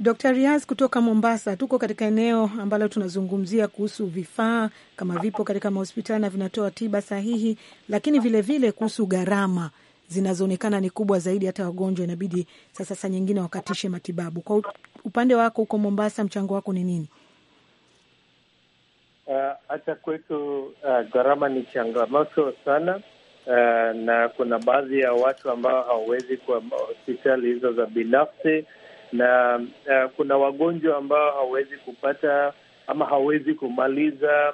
Dr. Rias kutoka Mombasa, tuko katika eneo ambalo tunazungumzia kuhusu vifaa kama vipo katika mahospitali na vinatoa tiba sahihi, lakini vilevile kuhusu gharama zinazoonekana ni kubwa zaidi, hata wagonjwa inabidi sasa saa nyingine wakatishe matibabu. Kwa upande wako huko Mombasa, mchango wako ni nini? Uh, hata kwetu uh, gharama ni changamoto sana uh, na kuna baadhi ya watu ambao hawawezi kwa hospitali hizo za binafsi, na uh, kuna wagonjwa ambao hawawezi kupata ama hawawezi kumaliza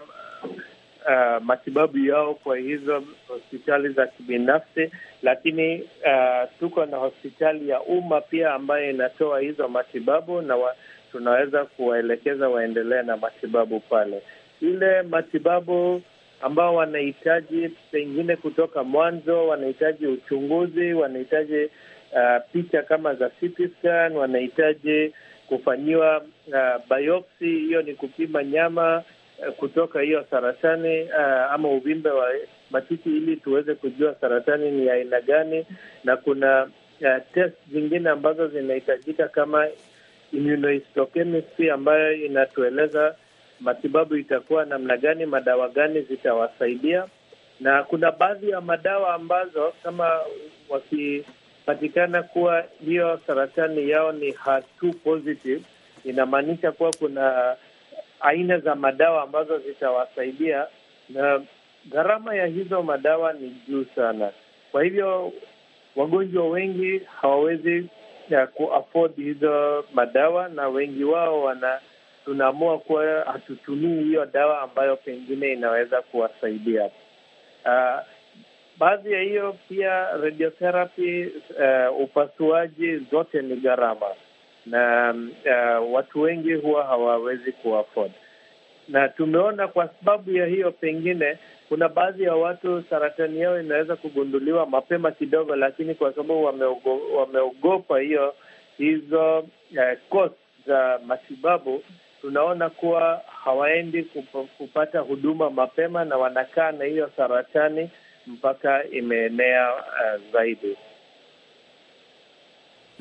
uh, matibabu yao kwa hizo hospitali za kibinafsi, lakini uh, tuko na hospitali ya umma pia ambayo inatoa hizo matibabu na wa, tunaweza kuwaelekeza waendelee na matibabu pale. Ile matibabu ambao wanahitaji pengine kutoka mwanzo, wanahitaji uchunguzi, wanahitaji uh, picha kama za CT scan, wanahitaji kufanyiwa uh, biopsi, hiyo ni kupima nyama Eh, kutoka hiyo saratani uh, ama uvimbe wa matiti ili tuweze kujua saratani ni aina gani, na kuna uh, test zingine ambazo zinahitajika kama immunohistochemistry ambayo inatueleza matibabu itakuwa namna gani, madawa gani zitawasaidia, na kuna baadhi ya madawa ambazo kama wakipatikana kuwa hiyo saratani yao ni HER2 positive, inamaanisha kuwa kuna aina za madawa ambazo zitawasaidia, na gharama ya hizo madawa ni juu sana. Kwa hivyo wagonjwa wengi hawawezi eh, kuafford hizo madawa, na wengi wao wana tunaamua kuwa hatutumii hiyo dawa ambayo pengine inaweza kuwasaidia. Uh, baadhi ya hiyo pia radiotherapy, uh, upasuaji, zote ni gharama na uh, watu wengi huwa hawawezi kuafford, na tumeona kwa sababu ya hiyo, pengine kuna baadhi ya watu saratani yao inaweza kugunduliwa mapema kidogo, lakini kwa sababu wameogopa hiyo hizo uh, eh, cost za matibabu, tunaona kuwa hawaendi kupata huduma mapema na wanakaa na hiyo saratani mpaka imeenea uh, zaidi.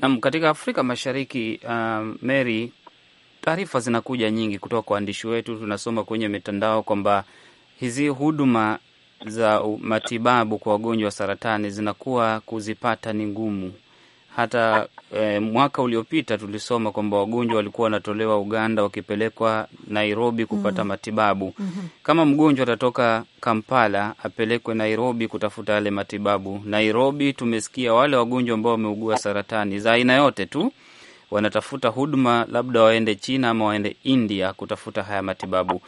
Nam, katika Afrika Mashariki uh, Mary, taarifa zinakuja nyingi kutoka kwa waandishi wetu, tunasoma kwenye mitandao kwamba hizi huduma za matibabu kwa wagonjwa wa saratani zinakuwa kuzipata ni ngumu, hata eh, mwaka uliopita tulisoma kwamba wagonjwa walikuwa wanatolewa Uganda wakipelekwa Nairobi kupata mm. matibabu mm -hmm. Kama mgonjwa atatoka Kampala apelekwe Nairobi kutafuta yale matibabu. Nairobi tumesikia wale wagonjwa ambao wameugua saratani za aina yote tu wanatafuta huduma, labda waende China ama waende India kutafuta haya matibabu.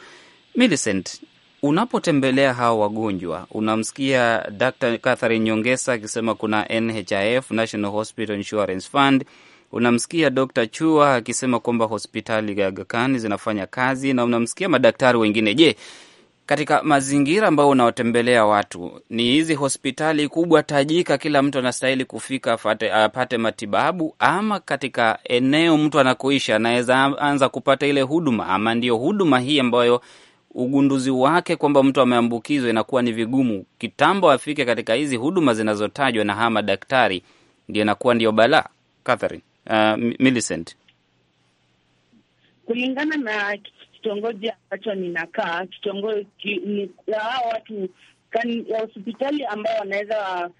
Millicent, Unapotembelea hawa wagonjwa, unamsikia Dr. Catherine Nyongesa akisema kuna NHIF, National Hospital Insurance Fund. Unamsikia Dr. Chua akisema kwamba hospitali ya Aga Khan zinafanya kazi, na unamsikia madaktari wengine. Je, katika mazingira ambayo unawatembelea watu, ni hizi hospitali kubwa tajika, kila mtu anastahili kufika fate, apate matibabu, ama katika eneo mtu anakoishi anaweza anza kupata ile huduma, ama ndio huduma hii ambayo ugunduzi wake kwamba mtu ameambukizwa inakuwa ni vigumu kitambo afike katika hizi huduma zinazotajwa na hama daktari, ndio inakuwa ndio balaa. Catherine, uh, Millicent, kulingana na kitongoji ambacho ninakaa kitongoji ni, hao watu hospitali ambao wanaweza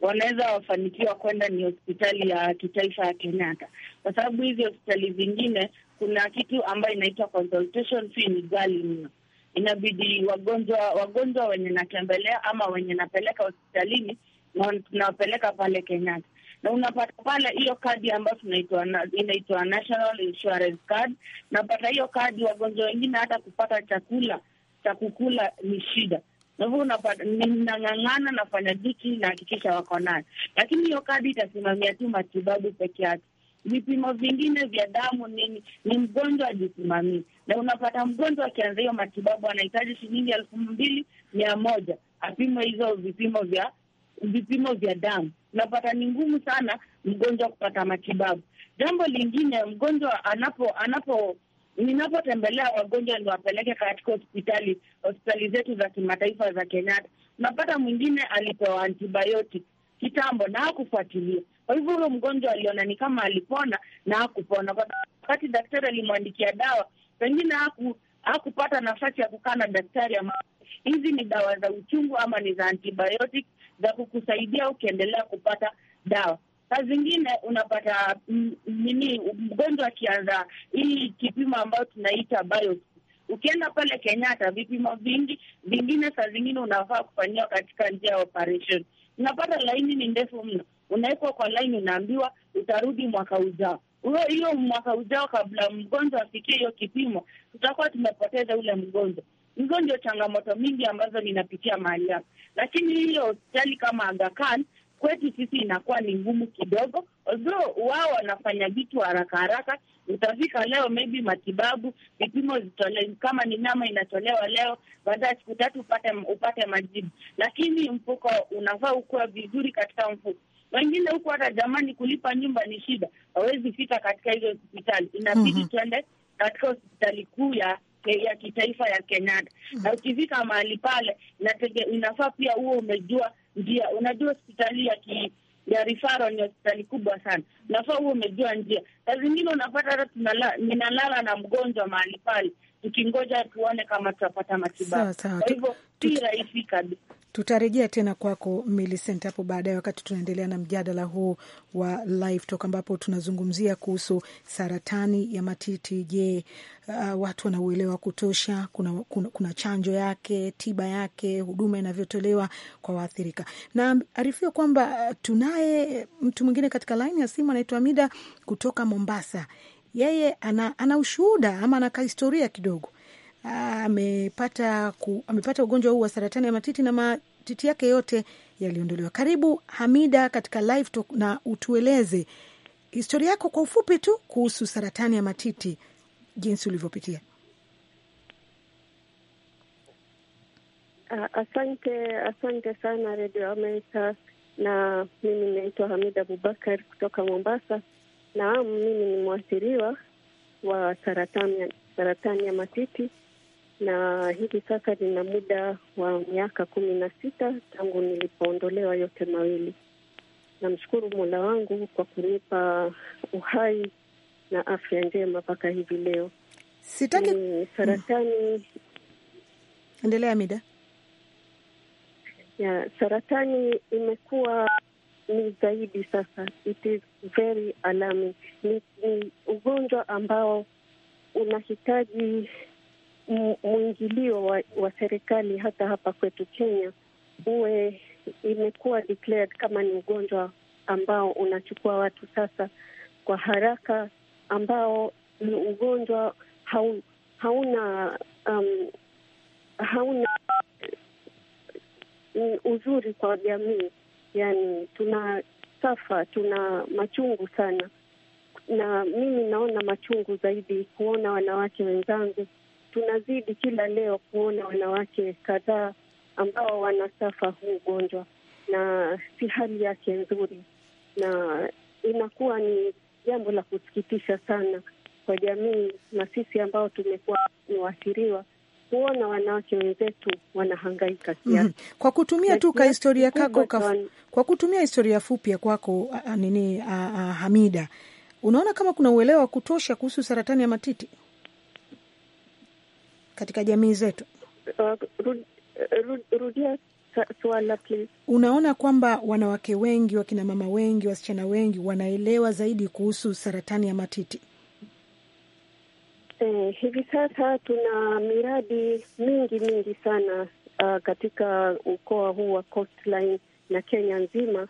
wanaweza wafanikiwa kwenda ni hospitali ya kitaifa ya Kenyatta, kwa sababu hizi hospitali zingine kuna kitu ambayo inaitwa consultation fee ni ghali mno inabidi wagonjwa wagonjwa wenye natembelea ama wenye napeleka hospitalini na tunawapeleka pale Kenyatta, na unapata pale hiyo kadi ambayo tunaitwa inaitwa National Insurance Card. Napata hiyo kadi, wagonjwa wengine hata kupata chakula cha kukula ni shida. Kwa hivyo unapata, ninang'ang'ana nafanya duty, nahakikisha wako nayo, lakini hiyo kadi itasimamia tu matibabu peke yake vipimo vingine vya damu nini, ni mgonjwa ajisimamii. Na unapata mgonjwa akianza hiyo matibabu anahitaji shilingi elfu mbili mia moja apimwe hizo vipimo vya vipimo vya damu. Unapata ni ngumu sana mgonjwa kupata matibabu. Jambo lingine mgonjwa anapo anapo ninapotembelea wagonjwa niwapeleke katika hospitali hospitali zetu za kimataifa za Kenyatta, unapata mwingine alipewa antibiotic kitambo na hakufuatilia. Kwa hivyo huyo mgonjwa aliona ni kama alipona na hakupona, kwa wakati daktari alimwandikia dawa, pengine haku hakupata nafasi ya kukaa na daktari ama hizi ni dawa za uchungu ama ni za antibiotic za kukusaidia ukiendelea kupata dawa. Saa zingine unapata mm, nini, mgonjwa akianza hii kipimo ambayo tunaita biopsy. Ukienda pale Kenyatta, vipimo vingi vingine saa zingine unafaa kufanyiwa katika njia ya operation, unapata laini ni ndefu mno unawekwa kwa laini, unaambiwa utarudi mwaka ujao. Huyo hiyo mwaka ujao, kabla mgonjwa afikie hiyo kipimo, tutakuwa tumepoteza ule mgonjwa. Hizo ndio changamoto mingi ambazo ninapitia mahali hapo, lakini hiyo hospitali kama Aga Khan kwetu sisi inakuwa ni ngumu kidogo, although wao wanafanya vitu haraka haraka. Utafika leo maybe matibabu, vipimo zitolewe, kama ni nyama inatolewa leo, baada ya siku tatu upate upate majibu, lakini mfuko unavaa ukuwa vizuri katika mfuko wengine huku hata jamani, kulipa nyumba ni shida, hawezi fika katika hizo hospitali, inabidi mm -hmm. tuende katika hospitali kuu ya ya kitaifa ya Kenyatta mm -hmm. na ukifika mahali pale inafaa pia huo umejua njia. Unajua hospitali ya ki, ya rifaro ni hospitali kubwa sana, unafaa huo umejua njia. Saa zingine unapata hata ninalala na mgonjwa mahali pale tukingoja tuone kama tutapata matibabu. Kwa hivyo si rahisi kabisa. Tutarejea tena kwako Milicent hapo baadaye, wakati tunaendelea na mjadala huu wa Live Talk ambapo tunazungumzia kuhusu saratani ya matiti. Je, uh, watu wanauelewa kutosha? Kuna, kuna, kuna chanjo yake, tiba yake, huduma inavyotolewa kwa waathirika. Na arifiwa kwamba uh, tunaye mtu mwingine katika laini ya simu, anaitwa Mida kutoka Mombasa. Yeye ana, ana ushuhuda ama anakaa historia kidogo amepata ku, amepata ugonjwa huu wa saratani ya matiti na matiti yake yote yaliondolewa. Karibu Hamida katika live talk, na utueleze historia yako kwa ufupi tu kuhusu saratani ya matiti, jinsi ulivyopitia. Ah, asante, asante sana redio Amerika. Na mimi naitwa Hamida Abubakar kutoka Mombasa. Naam, mimi ni mwathiriwa wa saratani, saratani ya matiti na hivi sasa nina muda wa miaka kumi na sita tangu nilipoondolewa yote mawili. Namshukuru Mola wangu kwa kunipa uhai na afya njema mpaka hivi leo. Sitaki saratani saratani. Endelea mida ya saratani imekuwa ni zaidi sasa, it is very alarming. Ni, ni ugonjwa ambao unahitaji mwingilio wa, wa serikali hata hapa kwetu Kenya uwe imekuwa declared kama ni ugonjwa ambao unachukua watu sasa kwa haraka, ambao ni ugonjwa hau, hauna um, hauna uzuri kwa jamii. Yani tuna safa, tuna machungu sana, na mimi naona machungu zaidi kuona wanawake wenzangu tunazidi kila leo kuona wanawake kadhaa ambao wanasafa huu ugonjwa na si hali yake nzuri, na inakuwa ni jambo la kusikitisha sana kwa jamii na sisi ambao tumekuwa ni waathiriwa kuona wanawake wenzetu wanahangaika kiasi. Mm -hmm. Kwa kutumia tu ka historia kako ka, kwa kutumia historia fupi ya kwako nini, a, a, Hamida, unaona kama kuna uelewa wa kutosha kuhusu saratani ya matiti? katika jamii zetu? Uh, rudia swala please. Unaona kwamba wanawake wengi, wakina mama wengi, wasichana wengi wanaelewa zaidi kuhusu saratani ya matiti? Eh, hivi sasa tuna miradi mingi mingi sana uh, katika mkoa huu wa Coastline na Kenya nzima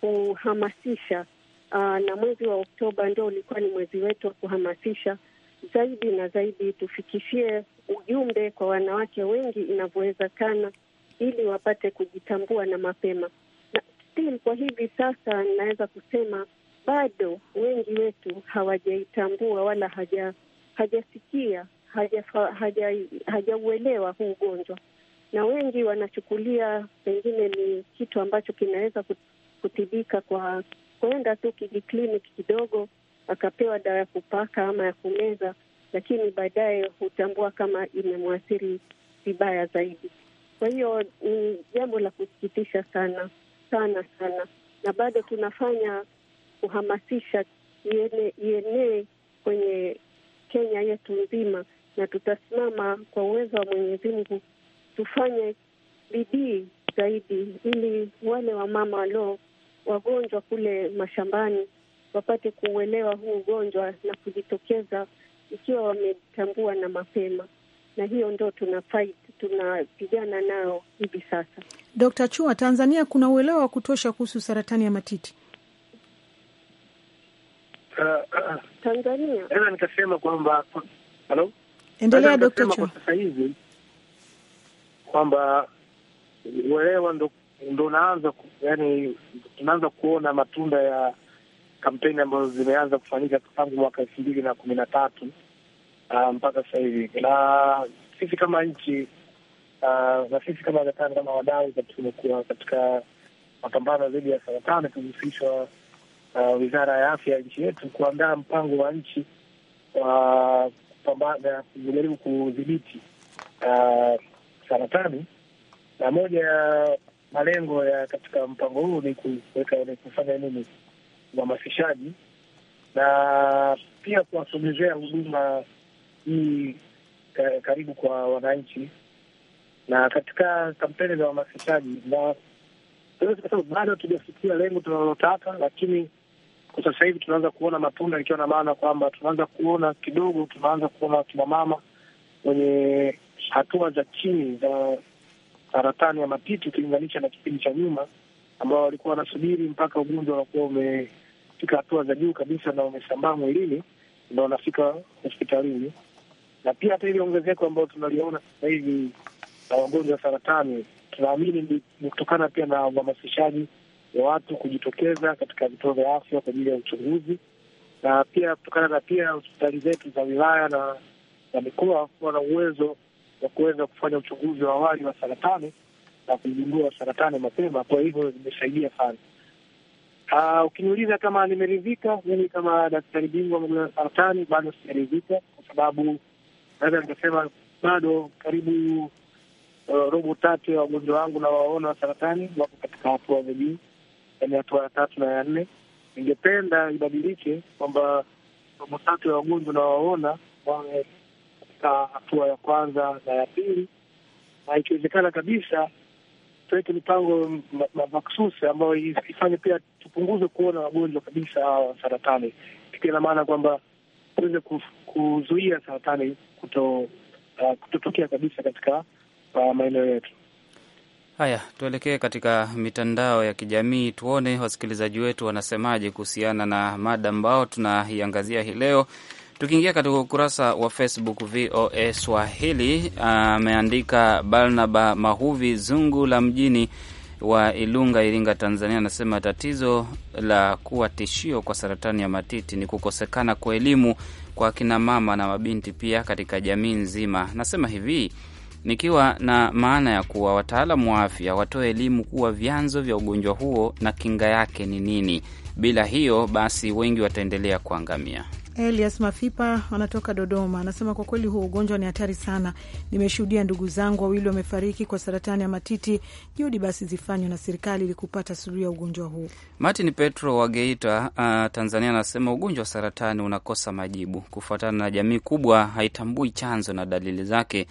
kuhamasisha uh, na mwezi wa Oktoba ndio ulikuwa ni mwezi wetu wa kuhamasisha zaidi na zaidi, tufikishie ujumbe kwa wanawake wengi inavyowezekana, ili wapate kujitambua na mapema. Na still kwa hivi sasa ninaweza kusema bado wengi wetu hawajaitambua wala haja hajasikia hajauelewa haja, haja huu ugonjwa, na wengi wanachukulia pengine ni kitu ambacho kinaweza kutibika kwa kuenda tu kijikliniki kidogo akapewa dawa ya kupaka ama ya kumeza lakini baadaye hutambua kama imemwathiri vibaya zaidi. Kwa hiyo ni jambo la kusikitisha sana sana sana, na bado tunafanya kuhamasisha ienee kwenye Kenya yetu nzima, na tutasimama kwa uwezo wa Mwenyezi Mungu, tufanye bidii zaidi ili wale wamama walio wagonjwa kule mashambani wapate kuuelewa huu ugonjwa na kujitokeza ikiwa wametambua na mapema, na hiyo ndo tuna fight, tunapigana nao hivi sasa. Dkt. Chua, Tanzania kuna uelewa wa kutosha kuhusu saratani ya matiti? Uh, uh, Tanzania naweza nikasema kwamba halo, endelea Dkt. Chua. sasa hivi kwamba uelewa ndo ndo naanza yani, tunaanza kuona matunda ya kampeni ambazo zimeanza kufanyika tangu mwaka elfu mbili na kumi na tatu Ah, mpaka sasa hivi, na sisi kama nchi uh, na sisi kama Uganda kama wadau tumekuwa katika mapambano dhidi ya saratani, tumehusishwa uh, wizara ya afya ya nchi yetu kuandaa mpango wa nchi wa kupambana, kujaribu kudhibiti uh, saratani, na moja ya malengo ya katika mpango huu ni kuweka ni kufanya nini uhamasishaji na pia kuwasogezea huduma hii karibu kwa wananchi na katika kampeni za uhamasishaji, na siwezi bado tujafikia lengo tunalotaka, lakini kwa sasa hivi tunaanza kuona matunda, ikiwa na maana kwamba tunaanza kuona kidogo, tunaanza kuona kina mama wenye hatua za chini za saratani ya matiti ukilinganisha na kipindi cha nyuma, ambao walikuwa wanasubiri mpaka ugonjwa unakuwa umefika hatua za juu kabisa na umesambaa mwilini, ndo wanafika hospitalini na pia hata ile ongezeko ambayo tunaliona sasa hivi la wagonjwa wa saratani tunaamini ni kutokana pia na uhamasishaji wa watu kujitokeza katika vituo vya afya kwa ajili ya uchunguzi, na pia kutokana na pia hospitali zetu za wilaya na na mikoa kuwa na uwezo wa kuweza kufanya uchunguzi wa awali wa saratani na kuigundua saratani mapema. Kwa hivyo imesaidia sana. Uh, ukiniuliza kama nimeridhika mimi kama daktari bingwa wa saratani, bado sijaridhika kwa sababu naweza nikasema bado karibu uh, robo tatu ya wagonjwa wangu na waona wa saratani wako katika hatua za juu, yaani hatua ya tatu na ya nne. Ningependa ibadilike kwamba robo tatu ya wagonjwa na waona wawe katika hatua ya kwanza na ya pili, na ikiwezekana kabisa tuweke mipango maksusi ambayo ifanye pia tupunguze kuona wagonjwa kabisa hawa saratani, ikiwa na maana kwamba kuweza kuzuia saratani kuto, uh, kutotokea kabisa katika uh, maeneo yetu. Haya, tuelekee katika mitandao ya kijamii tuone wasikilizaji wetu wanasemaje kuhusiana na mada ambao tunaiangazia hii leo. Tukiingia katika ukurasa wa Facebook VOA Swahili, uh, ameandika uh, Barnaba Mahuvi zungu la mjini wa Ilunga, Iringa, Tanzania, anasema tatizo la kuwa tishio kwa saratani ya matiti ni kukosekana kwa elimu kwa kina mama na mabinti, pia katika jamii nzima. Nasema hivi nikiwa na maana ya kuwa wataalamu wa afya watoe elimu kuwa vyanzo vya ugonjwa huo na kinga yake ni nini. Bila hiyo basi wengi wataendelea kuangamia. Elias Mafipa anatoka Dodoma, anasema kwa kweli huo ugonjwa ni hatari sana. Nimeshuhudia ndugu zangu wawili wamefariki kwa saratani ya matiti. Juhudi basi zifanywe na serikali ili kupata suluhu ya ugonjwa huu. Martin Petro wa Geita, uh, Tanzania, anasema ugonjwa wa saratani unakosa majibu kufuatana na jamii kubwa haitambui chanzo na dalili zake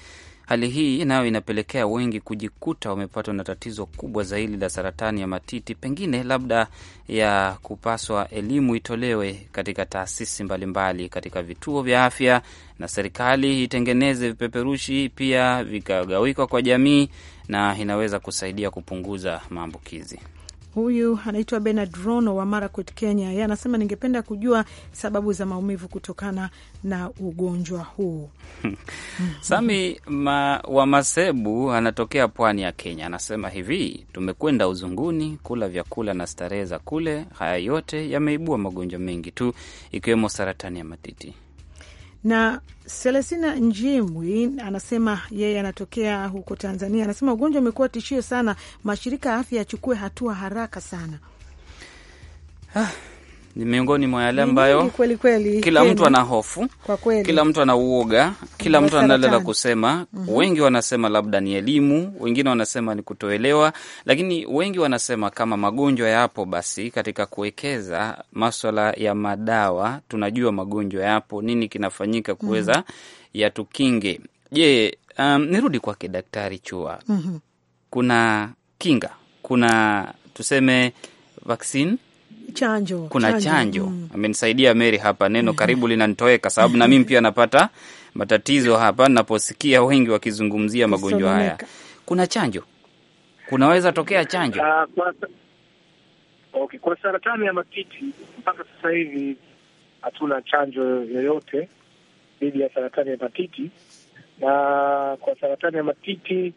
Hali hii nayo inapelekea wengi kujikuta wamepatwa na tatizo kubwa zaidi la saratani ya matiti, pengine labda ya kupaswa elimu itolewe katika taasisi mbalimbali, katika vituo vya afya, na serikali itengeneze vipeperushi pia vikagawikwa kwa jamii, na inaweza kusaidia kupunguza maambukizi. Huyu anaitwa Benard Rono wa Marakwet, Kenya. Yeye anasema ningependa kujua sababu za maumivu kutokana na ugonjwa huu. *laughs* Sami ma, wa Masebu anatokea pwani ya Kenya, anasema hivi, tumekwenda uzunguni kula vyakula na starehe za kule. Haya yote yameibua magonjwa mengi tu, ikiwemo saratani ya matiti na Selesina Njimwi anasema yeye anatokea huko Tanzania. Anasema ugonjwa umekuwa tishio sana, mashirika ya afya yachukue hatua haraka sana. Ah, ni miongoni mwa yale ambayo kweli kweli kila mtu ana hofu, kila mtu ana uoga, kila mtu analala la kusema. mm -hmm. Wengi wanasema labda ni elimu, wengine wanasema ni kutoelewa, lakini wengi wanasema kama magonjwa yapo, basi katika kuwekeza maswala ya madawa, tunajua magonjwa yapo, nini kinafanyika kuweza mm -hmm. yatukinge. Je, um, nirudi kwake Daktari Chua. mm -hmm. Kuna kinga, kuna tuseme vaksini chanjo, kuna chanjo, chanjo. Mm. Amenisaidia Mary hapa neno mm. karibu linantoweka sababu na mimi pia napata matatizo hapa naposikia wengi wakizungumzia magonjwa haya. Kuna chanjo, kunaweza tokea chanjo uh, kwa, okay, kwa saratani ya matiti mpaka sasa hivi hatuna chanjo yoyote dhidi ya saratani ya matiti, na kwa saratani ya matiti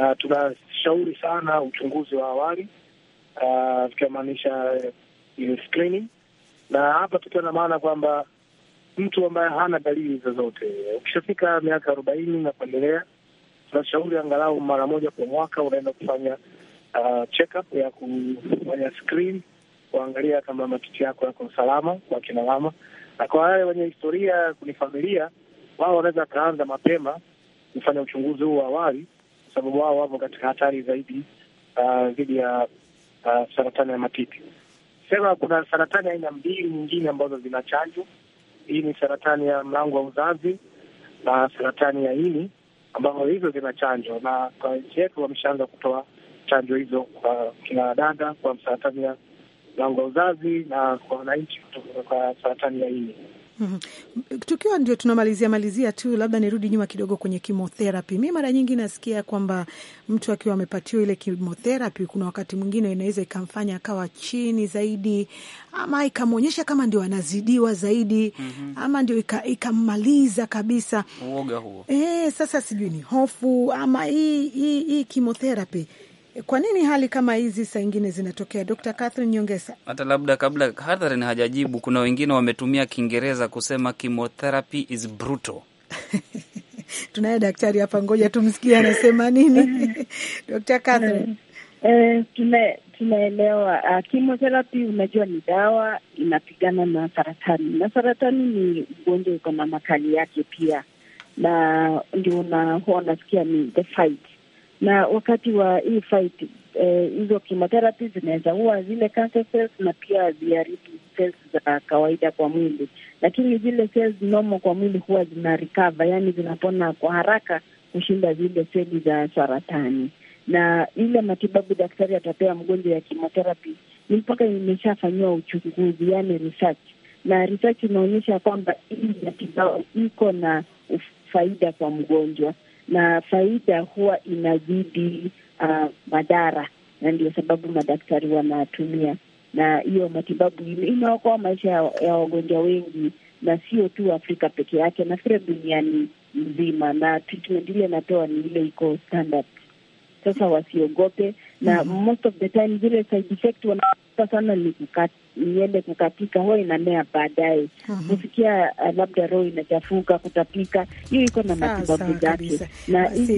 ah, tunashauri sana uchunguzi wa awali uh, tukimaanisha in screening, na hapa tukiwa na maana kwamba mtu ambaye hana dalili zozote, ukishafika miaka arobaini na kuendelea, tunashauri angalau mara moja kwa mwaka unaenda kufanya uh, check up ya kufanya screen kuangalia kama matiti yako yako salama kwa kina mama, na kwa wale wenye historia kwenye familia wao wanaweza wakaanza mapema kufanya uchunguzi huu wa awali, kwa sababu wao wapo katika hatari zaidi uh, dhidi uh, ya uh, saratani ya matiti sema kuna saratani aina mbili nyingine ambazo zina chanjo Hii ni saratani ya mlango wa uzazi na saratani ya ini, ambazo hizo zina chanjo na kwa nchi yetu wameshaanza kutoa chanjo hizo kwa kina dada kwa saratani ya mlango wa uzazi na kwa wananchi kwa saratani ya ini. Mm -hmm. Tukiwa ndio tunamalizia malizia tu, labda nirudi nyuma kidogo kwenye kimotherapy Mi mara nyingi nasikia kwamba mtu akiwa amepatiwa ile kimotherapy kuna wakati mwingine inaweza ikamfanya akawa chini zaidi, ama ikamwonyesha kama ndio anazidiwa zaidi mm -hmm. ama ndio ikammaliza kabisa uoga huo. E, sasa sijui ni hofu ama hii hii hii chemotherapy kwa nini hali kama hizi saa ingine zinatokea? Dr. Catherine Nyongesa, hata labda kabla Catherine hajajibu, kuna wengine wametumia Kiingereza kusema chemotherapy is brutal *laughs* Tunaye daktari hapa, ngoja tumsikie anasema nini. *laughs* Dr. Catherine. Eh, eh tunaelewa uh, ah, chemotherapy unajua ni dawa inapigana na saratani, na saratani ni ugonjwa uko na makali yake pia, na ndio unasikia ni the fight na wakati wa hii fight eh, hizo eh, chemotherapy zinaweza huwa zile cancer cells na pia ziharibu cells za kawaida kwa mwili, lakini zile cells nomo kwa mwili huwa zina recover, yaani zinapona kwa haraka kushinda zile seli za saratani. Na ile matibabu daktari atapea mgonjwa ya chemotherapy ni mpaka imeshafanyiwa uchunguzi, yani research, na research inaonyesha kwamba hii matibabu iko na faida kwa mgonjwa na faida huwa inazidi uh, madhara, na ndio sababu madaktari wanatumia, na hiyo matibabu inaokoa maisha ya wagonjwa wengi, na sio tu Afrika peke yake, nafikiri duniani mzima, na treatment ile inatoa ni ile iko standard. Sasa wasiogope na mm -hmm. most of the time zile side effect sana ni kukata iende kukatika, huwa inamea baadaye kufikia uh eh, -huh. Uh, labda roho inachafuka, kutapika, hiyo iko na matibabu zake, na hizi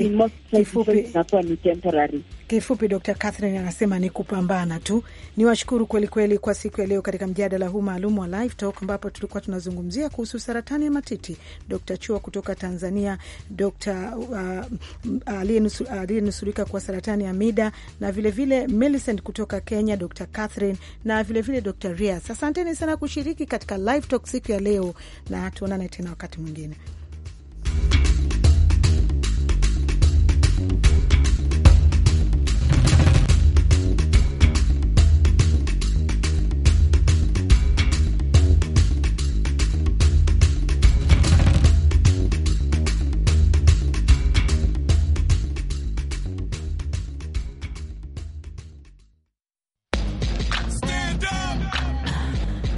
zinakuwa ni temporary. Kifupi, Dr. Catherine anasema ni kupambana tu. Ni washukuru kwelikweli kwa siku ya leo katika mjadala huu maalum wa Live Talk ambapo tulikuwa tunazungumzia kuhusu saratani ya matiti. Dr. Chua kutoka Tanzania, Dr. Uh, aliyenusurika kwa saratani ya mida na vilevile vile Millicent kutoka Kenya, Dr. Catherine na vilevile vile Dr. Sheria. Asanteni sana kushiriki katika Live Talk siku ya leo, na tuonane tena wakati mwingine.